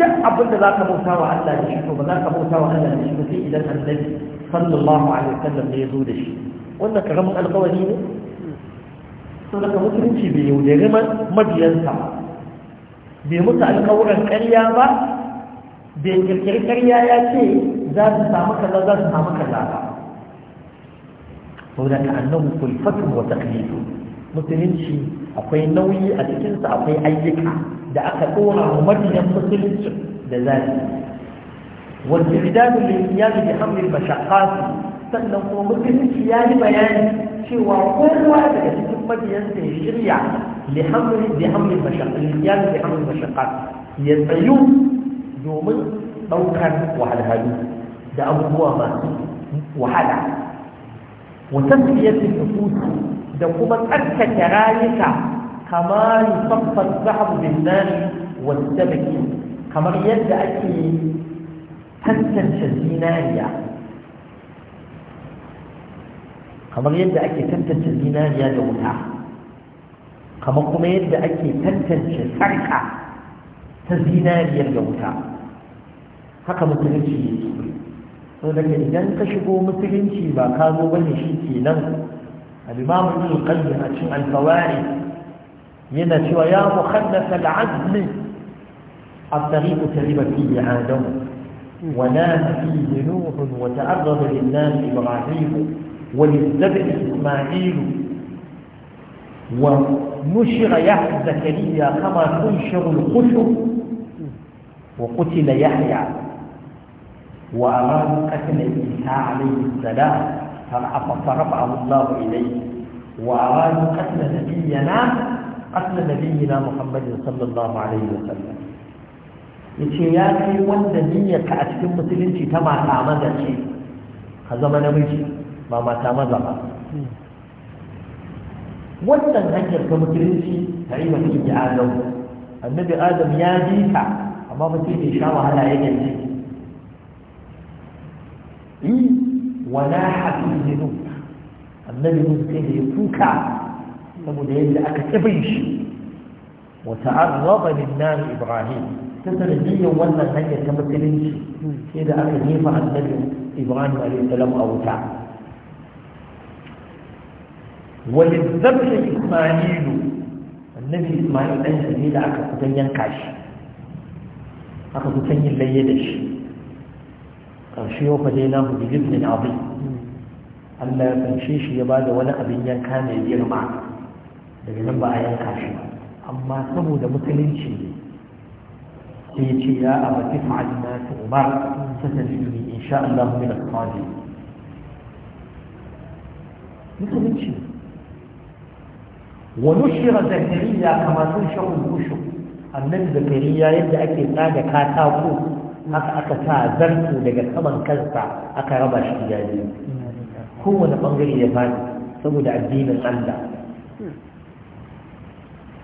Speaker 2: duk abin da za ka bauta wa Allah da shi to ba za ka bauta wa Allah da shi ba sai idan annabi sallallahu alaihi wasallam ne ya zo da shi wannan karamin alƙawari ne to daga mutunci bai yaudare mabiyansa bai mutu alkawuran ƙarya ba bai kirkiri ƙarya ya ce za su samu kaza za su samu kaza ba saboda ka annabu kulfatun wa taklifu musulunci akwai nauyi a cikinsa akwai ayyuka da aka ɗora wa mabiyan musulunci da zafi wanda idanun da ya zubi hamlin mashaƙasu sannan kuma musulunci ya yi bayani cewa kowa daga cikin mabiyansa ya shirya lihamlin mashaƙar ya tsayu domin ɗaukar wahalhalu da abubuwa masu wahala wata siyasin nufusu da kuma tsarkake rayuka kamar saffar zahabu bin nari wasu kamar yadda ake tantance zinariya kamar yadda ake tantance zinariya da wuta kamar kuma yadda ake tantance sarka ta zinariyar da wuta haka musulunci ne so daga idan ka shigo musulunci ba ka zo bane shi ke nan alimamu ne qayyim a cin alfawari yana cewa ya mu da azumin a mukhannas al-azm الطريق تغيب فيه عادم ونام فيه wata arzabin nan ibrahimu وللذبح إسماعيل ونشر يحيى زكريا كما
Speaker 1: تنشر الخشب
Speaker 2: وقتل يحيى وأراد قتل عيسى عليه السلام فرفعه الله إليه وأراد قتل نبينا قتل نبينا محمد صلى الله عليه وسلم yace ya kai wanda niyyarka a cikin musulunci ta mata maza ce ka zama ba mata maza ba wannan hanyar ta mutunci ta yi mafi da adam annabi adam ya bi ta amma mutum bai sha wahala ya gaji yi wala ne zinu annabi mun sai da ya kuka saboda yadda aka taɓa shi wa ta'arraba lin nan ibrahim ta biyan wannan hanyar ta musulunci sai da aka jefa annabi ibrahim alaihissalam a wuta ولذبح إسماعيل النبي إسماعيل أن جميل أكتبتن ينكاش أكتبتن يليدش أرشيو فدينام بجبن عظيم ألا تنشيش يبال ولا أبن ينكان يجرمع لكن لما أيان كاش أما سمو دمتلين شيء سيتي يا أبا تفعى الناس عمر ستنجيني إن شاء الله من الصالحين مثل شيء ونشر زكريا كما تنشر البشر annabi zakariya yadda ake tsaga katako haka aka sa zarto daga saman kansa aka raba shi gida biyu kowane bangare ya fadi saboda addinin Allah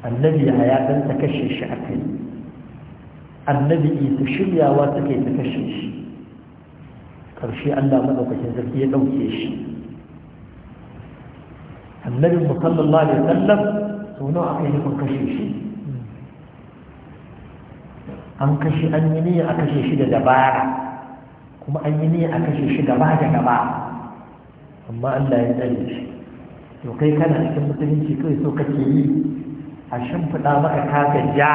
Speaker 2: annabi a ya dan ta kashe shi a kai annabi isa shiryawa take ta kashe shi karshe Allah madaukakin sarki ya dauke shi annabin mu sallallahu alaihi wasallam sau nawa aka yi nufin kashe shi an kashe an yi niyya a kashe shi da dabara kuma an yi niyya a kashe shi gaba da gaba amma Allah ya tsare shi to kai kana cikin musulunci kai so kake yi a shimfiɗa maka kaka ja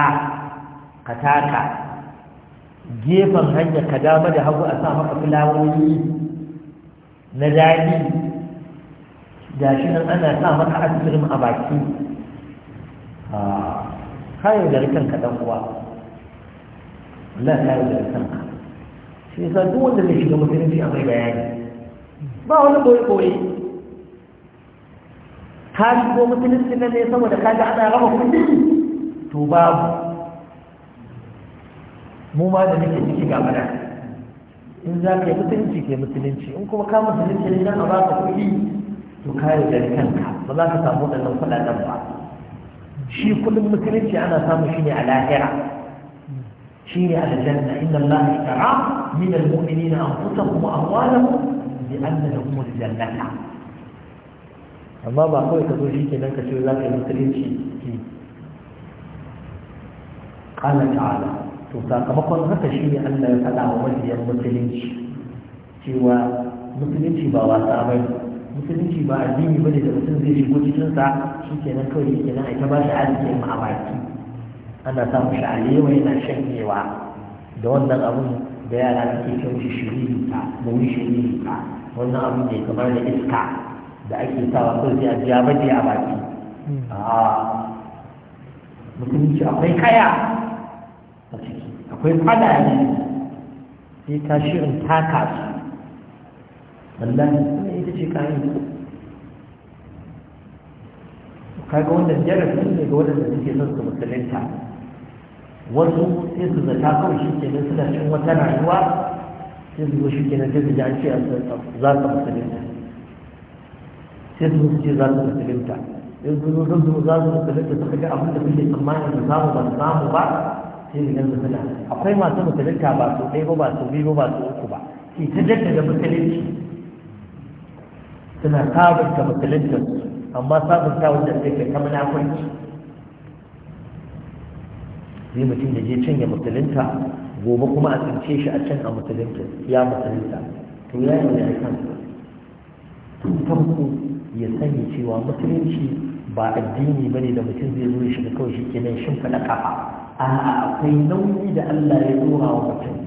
Speaker 2: ka taka gefen hanya ka dama da hagu a sa maka fulawoyi na daɗi Da shi nan ana sa maka asirin a baki kayan ah, da ka dan uwa Allah ya yi da kanka shi yasa duk wanda zai shiga musulunci a mai bayani ba wani boye boye ka shigo musulunci nan ne saboda ka ga ana raba kudi to babu mu ma da nake ciki ga mana in za ka yi musulunci ke musulunci in kuma ka musulunci ne nan a ka kuɗi to ka riga kanka ba za ka samu waɗannan kuɗaɗen ba shi kullum musulunci ana samu shi ne a lahira shi ne a aljanna inna Allah ishtara min almu'minina anfusahum wa amwalahum bi anna lahum aljannata amma ba kawai ka zo shi kenan ka ce za ka yi musulunci ki ta'ala to sakamakon haka shi ne Allah ya faɗa wa mabiyan musulunci cewa musulunci ba wasa bane musulunci ba addini bane da mutum zai shigo cikin sa shi kenan kawai shi kenan ai ta ba shi arziki ma a baki ana sa mushi alewa yana shanyewa da wannan abun da yara suke shi mushi ta da wuri ta wannan abun ne kamar da iska da ake sawa kawai sai a biya baje a baki musulunci akwai kaya a ciki akwai fada ne sai ta shirin taka su sannan ita ce ƙa'ida kaga wanda jarabi ne ga waɗanda suke son su musulunta wasu sai su zata kawai shi nan suna cin wata
Speaker 1: rayuwa sai
Speaker 2: su zo shi nan sai su ji an ce za su musulunta sai su zo ce za su musulunta in su zo zan zo za su musulunta suka ga abin da suke tsammanin da samu ba su samu ba sai su ganzu suna akwai masu musulunta ba su ɗaya ba ba su biyu ba ba su uku ba ki ta jaddada musulunci suna sabunta musulunta, amma sabunta wanda sai kai kama kwanci zai mutum da je can ya musulunta gobe kuma a tsince shi a can a musulunta ya musulunta to ya yi wani aikan tun farko ya sani cewa musulunci ba addini ba ne da mutum zai zo shi da kawai shi nan shimfa faɗa kafa a'a akwai nauyi da Allah ya zo wa mutum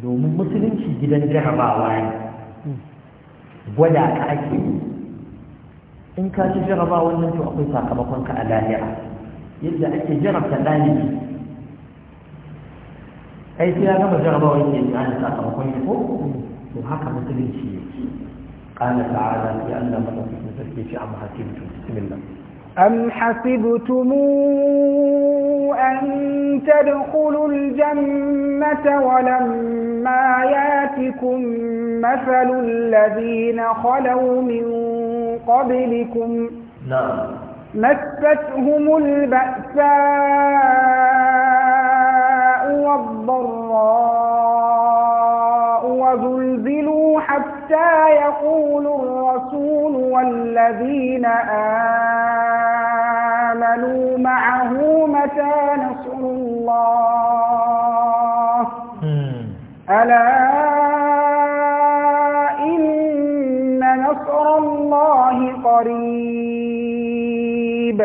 Speaker 2: domin musulunci gidan jarabawa ne gwada ka ake in ka ci jaraba wannan to akwai sakamakon ka a lahira yadda ake jarabta ɗalibi ai sai ya gama jarabawa yake da ana sakamakon ya ko to haka musulunci yake qala ta'ala ya Allah madaukakin sarki ce amma hasibtu bismillah
Speaker 3: am hasibtum أن تدخلوا الجنة ولما ياتكم مثل الذين خلوا من قبلكم نعم مستهم البأساء والضراء وزلزلوا حتى يقول الرسول والذين آمنوا فاعملوا معه متى نصر الله ألا إن نصر الله قريب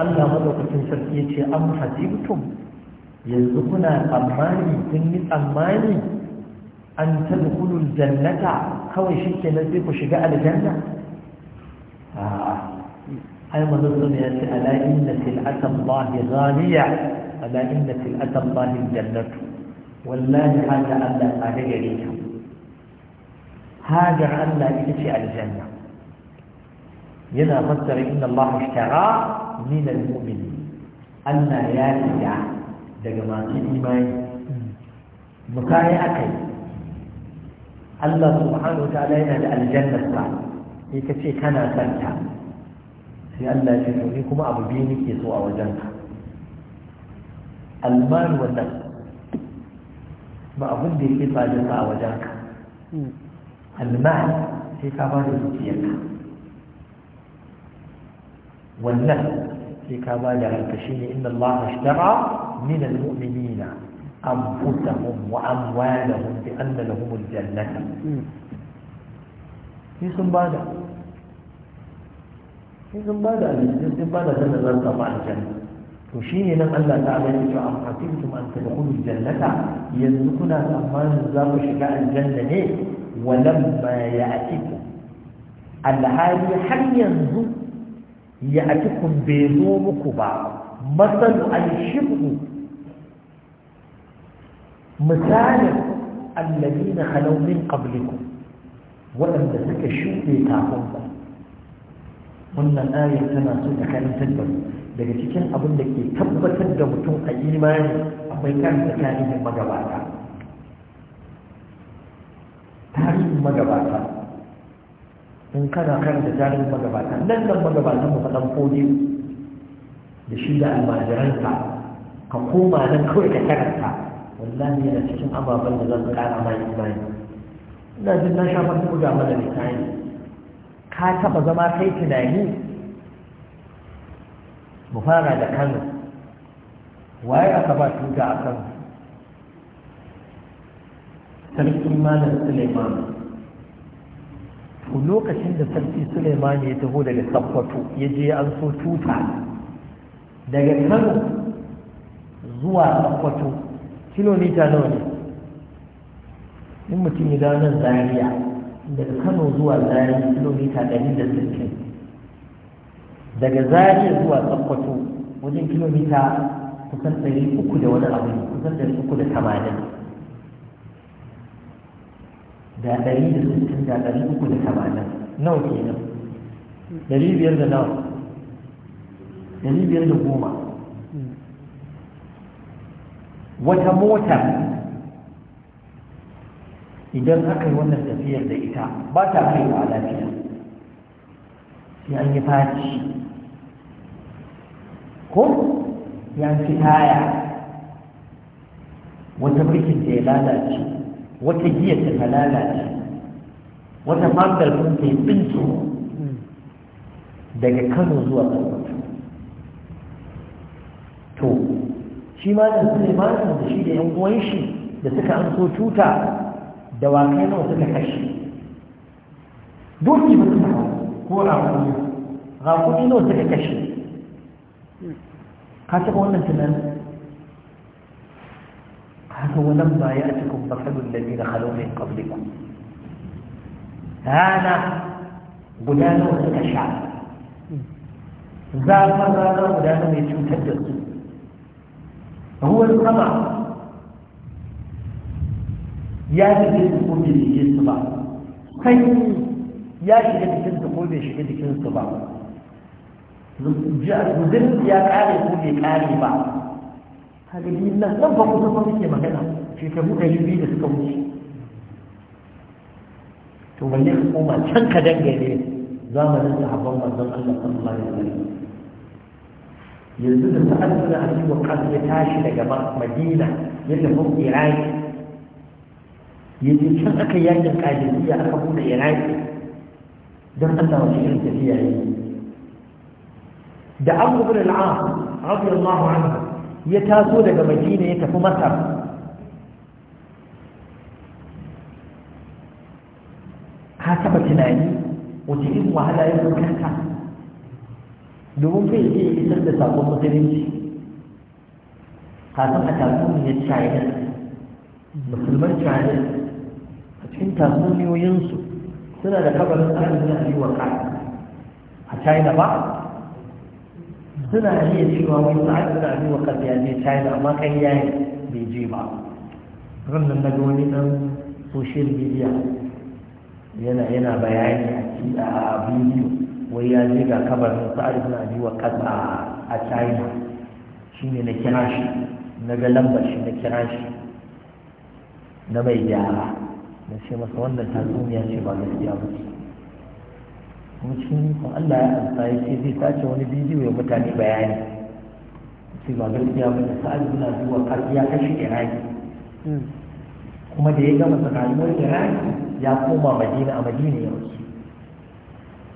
Speaker 2: Allah madaukakin sarki ya ce an hasibtum yanzu kuna tsammani kun yi tsammani an tadkhulul jannata kawai shikenan sai ku shiga aljanna a'a أي ما ألا إن سلعة الله غالية ألا إن سلعة الله الجنة والله هذا ألا هذا يريد هذا ألا على الجنة ينا مصدر إن الله اشترى من المؤمنين ألا لا يدع دقما مكاهي أكيد Allah أكل wa سبحانه وتعالى da aljannar sa sai ka sai Allah ya ce ni kuma abu biyu nake so a wajen ka almal wannan ba abin da yake tsadin ka a wajen ka almal sai ka ba da zuciyarka wannan sai ka ba da ranka shine inna Allah ashtara min almu'minina anfusahum wa amwalahum bi anna lahum aljannata hmm. sai sun bada sai sun ba da abinci sun ba da sannan zan samu aljanna to shi ne nan Allah ta ala ya ce an hasibtum an tadkhulul jannata yanzu kuna tsammanin za ku shiga aljanna ne walamma ya'tikum alhali har yanzu ya'tikum bai zo muku ba masalu al ku misalin na خلوا من قبلكم وأن تلك الشوك تاقوم wannan ayar tana so ta karantar da daga cikin abin da ke tabbatar da mutum a imani akwai karanta tarihin magabata tarihin magabata in kana karanta tarihin magabata nan nan magabata mu faɗan fodi da shi da almajiranta ka koma nan kawai ka karanta wallahi yana cikin ababen da za su ƙara ma imani ina jin na sha fata buga mana misali ka taɓa zama kai tunani mu fara da kano waye aka ba tuta a kan sarkin malam suleiman to lokacin da sarki suleiman ya taho daga sakkwato ya je an so tuta daga kano zuwa sakkwato kilomita nawa ne in mutum ya nan zariya daga kano zuwa zaria kilomita ɗari da sittin daga zaria zuwa sokoto wajen kilomita kusan ɗari uku da wani abu kusan ɗari uku da tamanin da ɗari da sittin da ɗari uku da tamanin nawa kenan ɗari biyar da nawa ɗari biyar da goma hmm. wata motar. idan aka yi wannan tafiyar da ita ba ta kai wa lafiya sai an yi faci ko yanki taya wata birkin da ya lalace wata giyar da ta lalace wata fandar kun ta yi bintu daga kano zuwa kalmata to shi ma da su ne da shi da yan uwan shi da suka an so tuta دواكين وتنحش دوكي بتنحو كورا وكورا غاكوين وتنحش قاتل قولنا تنان قاتل ولم بايأتكم مثل الذين خلوا من قبلكم هانا بدان وتنحش زاد مرة بدان وتنحش هو القمر ya shiga su ko bai shige su ba kai ya shiga jikin su ko bai shiga jikin su ba zuzin ya kare ko bai kare ba kaga din nan nan ba kusa kuma muke magana shekaru ɗari biyu da suka wuce to wanne ka koma can ka dangane zamanin sahabban
Speaker 1: manzon Allah sallallahu alaihi wasallam
Speaker 2: yanzu da sa'ad bin Abi Waqqas ya tashi daga Madina ya tafi Iraki يجب أن أكي يجب قادمية أكبر إيراني دم الله وشكرا تفيا دا أبو بن العام رضي الله عنه يتاسود بمجينة يتفو مصر حسب تنائي وتجد وهلا يبقى كنتا دوم في شيء يسرد ساقو مسلمشي حسب أتاسود يتشاعد مسلمان شاعد cikin tatsuniyoyinsu suna da kabarin tsarin suna yi wa a china ba suna iya cewa wani sa'ad suna yi wa ya je china amma kan yayi bai je ba rannan na ga wani dan social media yana yana bayani a bidiyo wai ya je ga kabarin sa'ad suna yi wa a china shi ne na kira shi na ga lambar shi na kira shi na mai gyara da shi masa wannan tatsuniya ce ba siya ba
Speaker 1: kuma cikin ikon Allah ya
Speaker 2: amsa ya ce zai sace wani bidiyo ya mutane bayani sai ba gaskiya ba da sa'ad bin Abi Waqqas ya kashe Iraki hmm. kuma da ya gama tsakanin Iraki ya koma Madina a Madina ya wuce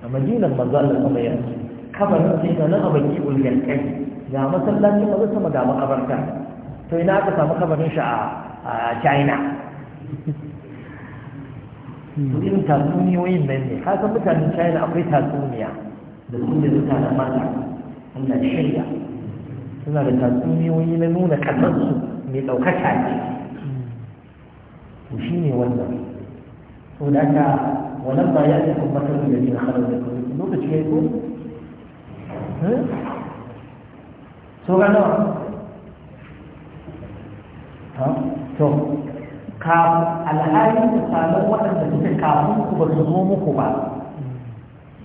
Speaker 2: a Madinar manzo Allah kuma ya rasu Kamar sai ga nan a baki ulgal kai ga masallacin zai sama ga makabarta to ina aka samu kabarin shi a China irin tatsuniyoyin nan ne ka san mutanen china akwai tatsuniya da su da da mata Allah shirya suna da tatsuniyoyi na nuna kasansu mai ɗaukaka ne shi ne wannan So da aka wannan ba ya ce kuma matar da ne na halar da kuma lokaci ya yi ko hmm? so gano
Speaker 1: ha to
Speaker 2: alhali ku samu waɗanda suka kafin ku ba su zo muku ba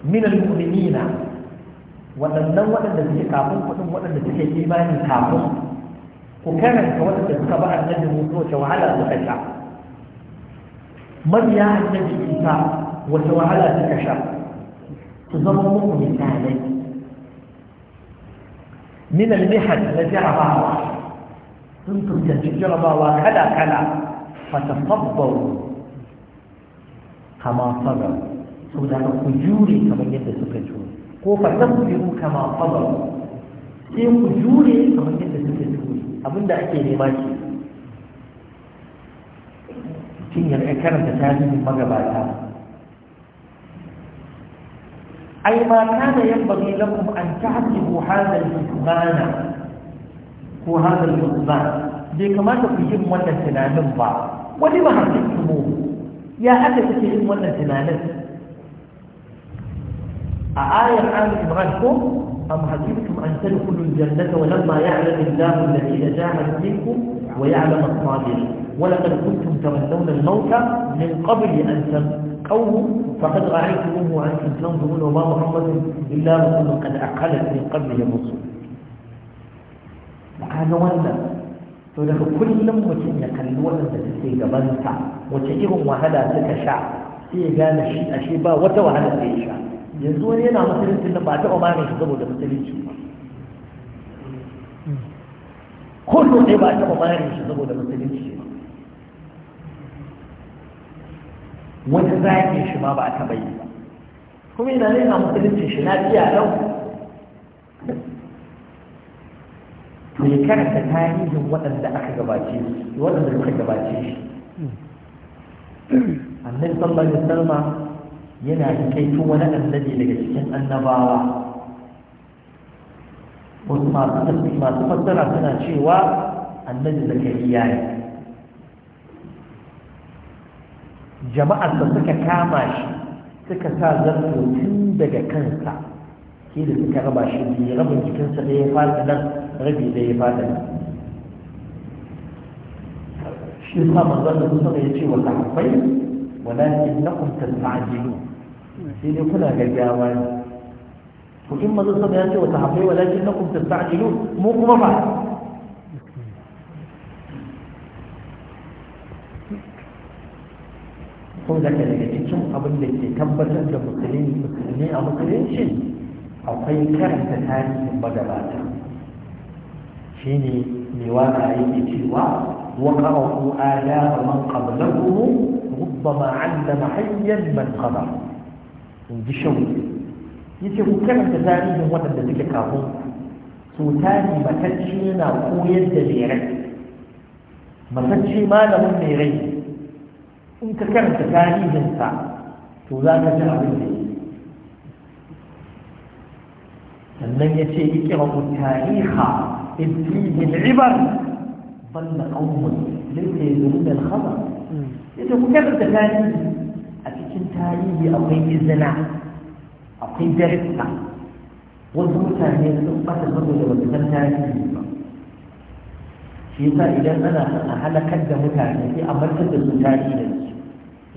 Speaker 2: min almu'minina waɗannan waɗanda suke kafin kuɗin waɗanda suke imanin kafin ku karanta waɗanda suka ba annabi musu wace wahala suka sha mabiya annabi isa wace wahala suka sha su zama muku misalai min almihan na jarabawa sun tuntanci jarabawa kala kala فتصبروا كما صبروا سبحانه كجوري كما يدس كجوري كو فتصبروا كما صبروا سي كجوري كما يدس كجوري أبن دعكي لماشي كين يرأي كرم من مغباتا أي ما كان ينبغي لكم أن تعجبوا هذا الجثمان هو الجثمان ليكما تفهم وانا تنالم بعض ولما هرتموه يا أكا تتهم ولا تنالت آية عام إبراهيم أم حسبتم أن تدخلوا الجنة ولما يعلم الله الذي جاهد منكم ويعلم الصادر ولقد كنتم تمنون الموت من قبل أن تنقوه فقد رأيتموه وأنتم تنظرون وما محمد إلا رسول قد أقلت من قبل الرسل وقال ولا to daga kullum mutum ya kalli waɗanda suke gabansa wace irin wahala suka sha sai ya gane shi a shi ba wata wahala da ya sha yanzu wani yana musulunci da ba taɓa mamaye shi saboda musulunci ba ko to ɗaya ba taɓa mamaye shi saboda musulunci ba wani zaƙin shi ma ba a taɓa yi ba kuma yana nuna musulunci shi na iya lau. to ya karanta tarihin waɗanda aka gabace su waɗanda suka gabace shi annabi sallallahu alaihi wasallam yana tun wani annabi daga cikin annabawa wasu masu fassara suna cewa annabi zakariya ne jama'ar da suka kama shi suka sa zarto tun daga kansa shi da suka raba shi biyu rabin jikinsa da ya fada nan rabi da ya fara nan shi sa manzon da suka ya ce wa na walakin nakum tasta'jilu sai dai kuna gaggawa ne to in manzon sama ya ce wa na walakin nakum tasta'jilu mu kuma ba ko da daga cikin abin da ke tabbatar da musulmi musulmi a musulunci akwai karanta tarihin magabata shi ne mai waka yake cewa وقرأوا آلاف من قبلهم ربما علم حيا من قضى inji shawu ya ce ku karanta tarihin waɗanda suke kafin su tari matacce na koyar da mai rai matacce malamin mai rai in ka karanta tarihinsa to za ka ji abin da ya sannan ya ce ikirau tariha ibtihin ribar balla qaumun laysa yazun al khabar yace ku kada da tarihi a cikin tarihi akwai izina akwai darissa wasu mutane sun bata saboda da wasu kan tarihi ba shi yasa idan ana son a halakar da mutane sai a barkar da su tarihi da su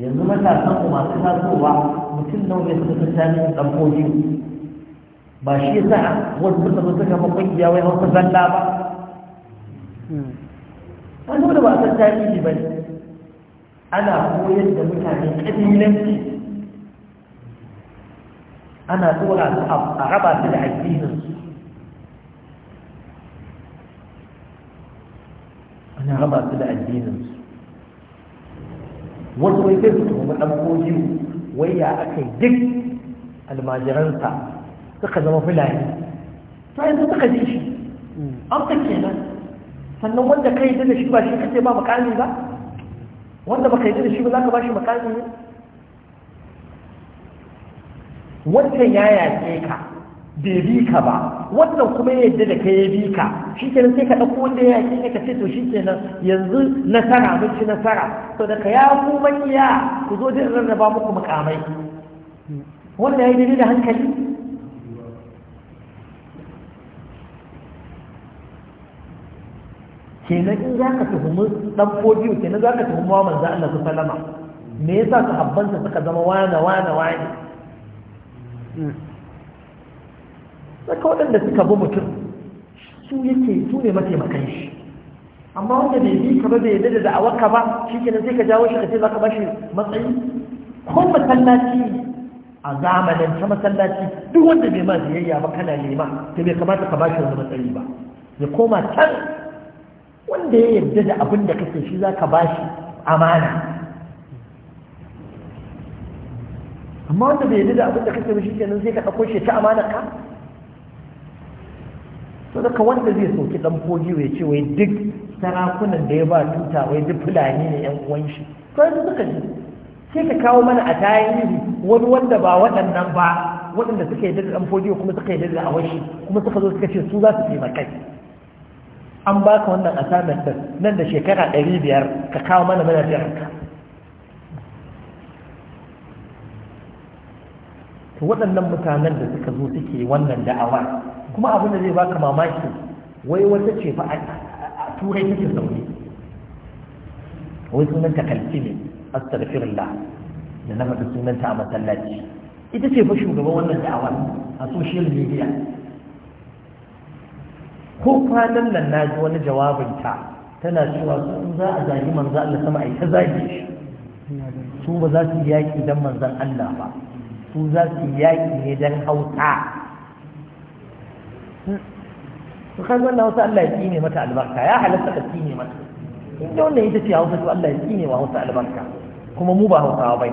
Speaker 2: yanzu matasan ku masu tasowa mutum nawa ya suka tarihin ɗan ba shi ya sa wasu suka zo suka ma kungiya wai hausa zalla ba an da ba a san tarihi ba ne ana koyar da mutane ƙabilanci ana tsora su a raba su da addininsu ana raba su da addininsu wasu wai sai su tuhumi ɗan kojiyo wai ya aka yi duk almajiransa suka zama fulani to yanzu suka ji shi an ka kenan sannan wanda ka yi da shi ba shi kake ba makami ba wanda baka yi da shi ba za ka ba shi makami ne wancan ya yaƙe ka bai bi ka ba wannan kuma ya yadda da ka ya bi ka shi kenan sai ka ɗauko wanda ya yaƙe ka ce to shi kenan yanzu nasara mun ci nasara to da ka ya ku manya ku zo da rarraba muku makamai wannan ya yi da hankali kenan in za ka tuhumi dan fodiyo kenan za ka tuhumi wa manzo Allah su salama me yasa habbanta suka zama wana wana wani saka waɗanda suka bi mutum su yake su ne mataimakan shi amma wanda bai bi ka ba bai yadda da awaka ba shi kenan sai ka jawo shi ka ce za ka bashi matsayi ko masallaci a zamanin ta masallaci duk wanda bai ma ziyayya ba kana nema to bai kamata ka bashi wani matsayi ba ya koma can wanda ya yarda da abin da kake shi za ka bashi amana amma wanda bai yarda da abin da kake ba shi kenan sai ka ɗauko shi ta amana ka to daga wanda zai soki dan fogi ya ce wai duk sarakunan da ya ba tuta wai duk fulani ne yan uwan shi to yanzu suka ji sai ka kawo mana a tarihi wani wanda ba waɗannan ba waɗanda suka yi da ɗan kuma suka yi da awashi kuma suka zo suka ce su za su taimaka an baka wannan assignment din nan da shekara 500 ka kawo mana mana jiranka to waɗannan mutanen da suka zo suke wannan da'awa kuma abin da zai baka mamaki wai wata ce fa a turai take zaune wai sunanta kalfi ne astaghfirullah da na faɗi sunanta a masallaci ita ce fa shugaban wannan da'awa a social media ko kwanan nan na ji wani jawabinta tana cewa su za a zagi manzan Allah sama a ta zagi shi su ba za su yaƙi don manzan Allah ba su za su yaƙi ne don hauta su kan zan hausa Allah ya kine mata albarka ya halatta ka kine mata inda wannan ita ce hausa to Allah ya kine wa hausa albarka kuma mu ba hausawa bai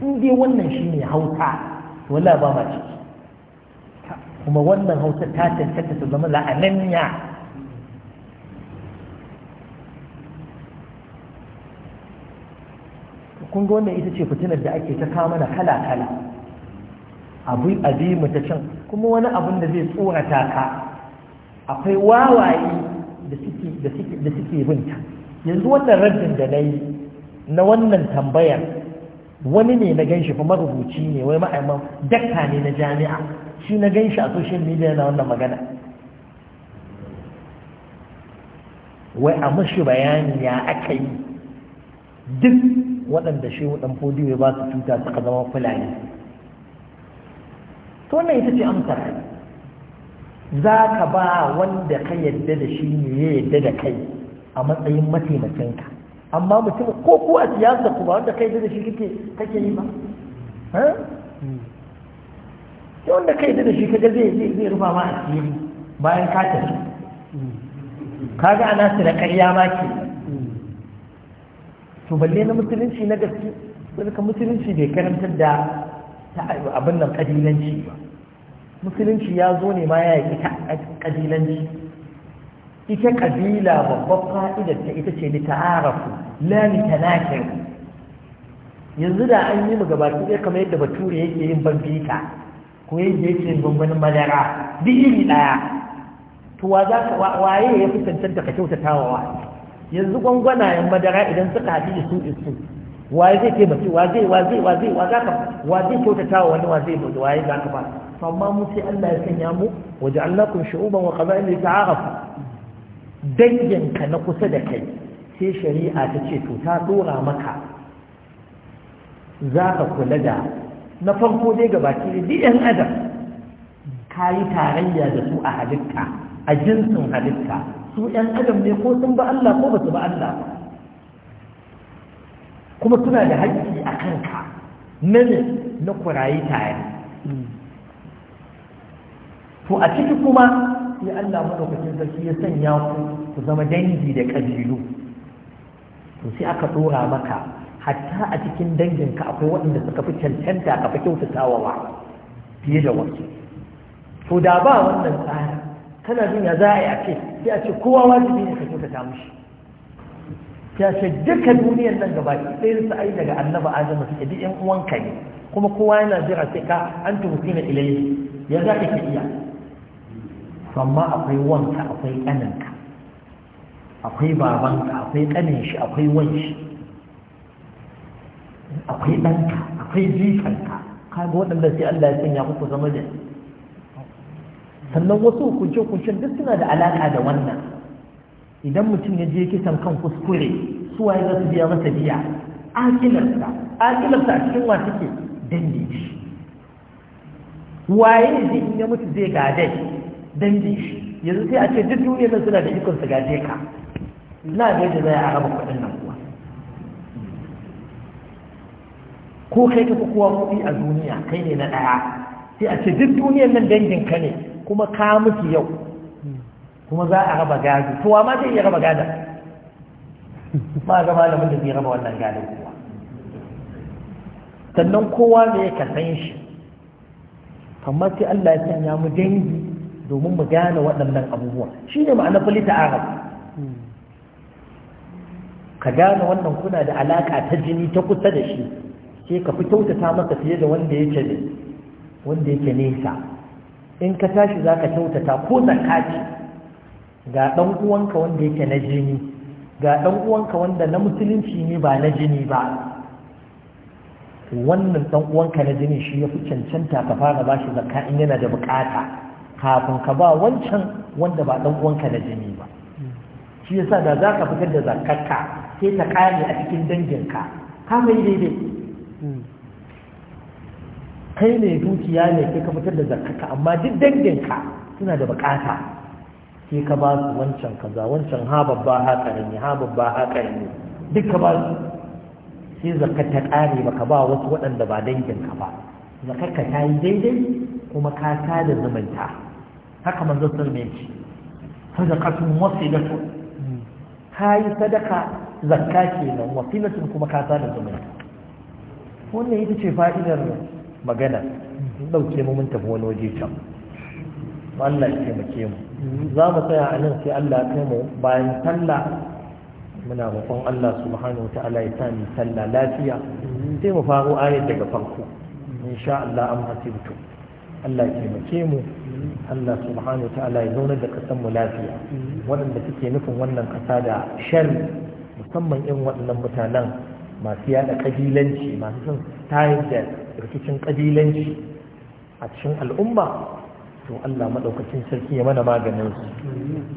Speaker 2: in dai wannan shine hauta, to wallahi ba ma ciki kuma wannan hausa ta cancanta ta zama la'ananya kun ga wannan ita ce fitinar da ake ta kama na kala-kala abu abi ta can kuma wani abun da zai tsorata ka akwai wawaye da suke binta yanzu wannan rabin da na yi na wannan tambayar wani ne na ganshi fa marubuci ne wai ma'aiman dakta ne na jami'a shi na ganshi a social media na wannan magana wai a mashi bayani ya aka yi duk waɗanda shi fodi fodiyo ba su cuta suka zama fulani to wannan ita ce amsar za ka ba wanda ka yadda da shi ne ya yadda da kai a matsayin mataimakinka amma mutum ko ko a siyasa ku ba wanda kai da shi kake kake yi ba ha wanda kai da shi kake zai zai zai rufa ma asiri bayan ka tafi kaga ana su da ƙarya ma ke to balle na musulunci na gaske ka musulunci bai karantar da abin nan kabilanci ba musulunci ya zo ne ma ya yi kabilanci ita kabila babbar fa'idar ta ita ce ni ta'arafu la ni tanakiru yanzu da an yi mu gabaki ɗaya kamar yadda bature yake yin bambita ko yadda yake yin bambanin madara duk iri ɗaya to wa za ka waye ya fi cancanta ka kyautata wa wa yanzu gwangwanayen madara idan suka haɗu da su isu wa zai taimaki wa zai wa zai wa zai wa za ka wa zai kyautata wa wani wa zai bude wa ya za ka ba amma mu sai Allah ya sanya mu waje Allah kun shu'uban wa qaba'il ta'arafu danginka na kusa da kai sai shari'a ta ce to ta dora maka za ka kula da na farko dai ga baki da yan adam ka yi tarayya da su a halitta a jinsin halitta su yan adam ne ko sun ba Allah ko ba su ba Allah kuma suna da haƙƙi a kanka na ne na kurayi tare to a ciki kuma sai Allah madaukakin sarki ya sanya ku ku zama dangi da kabilu to sai aka dora maka hatta a cikin danginka akwai waɗanda suka fi cancanta ka fi kyautatawa fiye da wasu to da ba wannan tsari kana jin ya za a yi a ce sai a ce kowa wajibi ne ka kyautata mushi sai a ce duka duniyar nan gaba ɗaya su ai daga annaba adamu su bi yan uwanka ne kuma kowa yana jira sai ka an tuhusina ilayhi ya za ka iya amma akwai wanka akwai ƙaninka akwai babanka akwai ƙanin shi akwai wanshi akwai ɗanka akwai jikanka kaga waɗanda sai Allah ya sanya ku zama da sannan wasu hukunce-hukuncen duk suna da alaƙa da wannan idan mutum ya je kisan kan kuskure su waye za su biya masa biya akilarsa akilarsa a cikin wasu ke dangi waye ne in ya mutu zai gadai dangin shi yanzu sai a ce duk duniyar nan suna da ikon su gaje ka na ga yadda za a raba kuɗin nan kuwa ko kai ka fi kowa kuɗi a duniya kai ne na ɗaya sai a ce duk duniyar nan dangin ka ne kuma ka musu yau kuma za a raba gado to wa ma zai iya raba gado ba ga malamin da zai raba wannan gado kuwa sannan kowa ne ka san shi amma sai Allah ya sanya mu dangi domin mu gane waɗannan abubuwa shi ne ma'ana ta arab ka gane wannan kuna da alaƙa ta jini ta kusa da shi sai ka fi kyautata masa fiye da wanda yake ne wanda yake nesa in ka tashi za ka kyautata ko ce ga ɗan uwanka wanda yake na jini ga ɗan uwanka wanda na musulunci ne ba na jini ba wannan ɗan uwanka na jini shi ya fi cancanta ka fara ba shi zakka in yana da bukata kafin ka ba wancan wanda ba dan uwanka na jini ba shi yasa da za ka fitar da zakarka sai ta kare a cikin danginka ka mai daidai kai ne dukiya ne sai ka fitar da zakarka amma duk danginka suna da bukata sai ka ba su wancan kaza wancan ha babba ha karami ha babba ha karami duk ka ba su sai zakar ta kare baka ba wasu waɗanda ba danginka ba zakarka ta yi daidai kuma ka da zumunta haka manzo sallallahu alaihi sadaqatun wasilatu kai sadaka zakka kenan wasilatun kuma ka da zumunta wannan ita ce fa'idar magana dauke mu mun tafi wani waje can Allah ya taimake mu za mu tsaya a nan sai Allah ya kai mu bayan talla. muna roƙon Allah subhanahu wa ta'ala ya sami talla lafiya sai mu faro ayat daga farko insha Allah am hasibtum Allah ya taimake mu Allah subhanahu wa ta'ala ya zauna da kasan mu lafiya waɗanda suke nufin wannan ƙasa da sharri musamman irin waɗannan mutanen masu yada kabilanci masu son tayar da rikicin kabilanci a cikin al'umma to Allah maɗaukacin sarki ya mana maganin su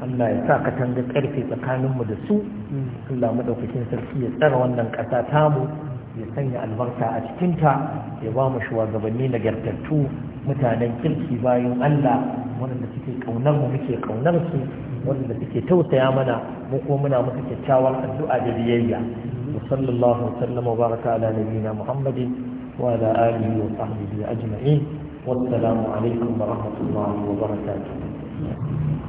Speaker 2: Allah ya sa katanga ƙarfe tsakaninmu da su Allah maɗaukacin sarki ya tsara wannan ƙasa tamu ya sanya albarka a cikinta ya ba mu shugabanni nagartattu mutanen kirki bayan Allah wanda suke kaunar mu muke kaunar su wanda suke tausaya mana mu ko muna musu kyakkyawar addu'a da biyayya sallallahu alaihi wasallam wa baraka ala muhammadin wa ala alihi wa sahbihi ajma'in wa assalamu
Speaker 1: alaikum wa rahmatullahi wa barakatuh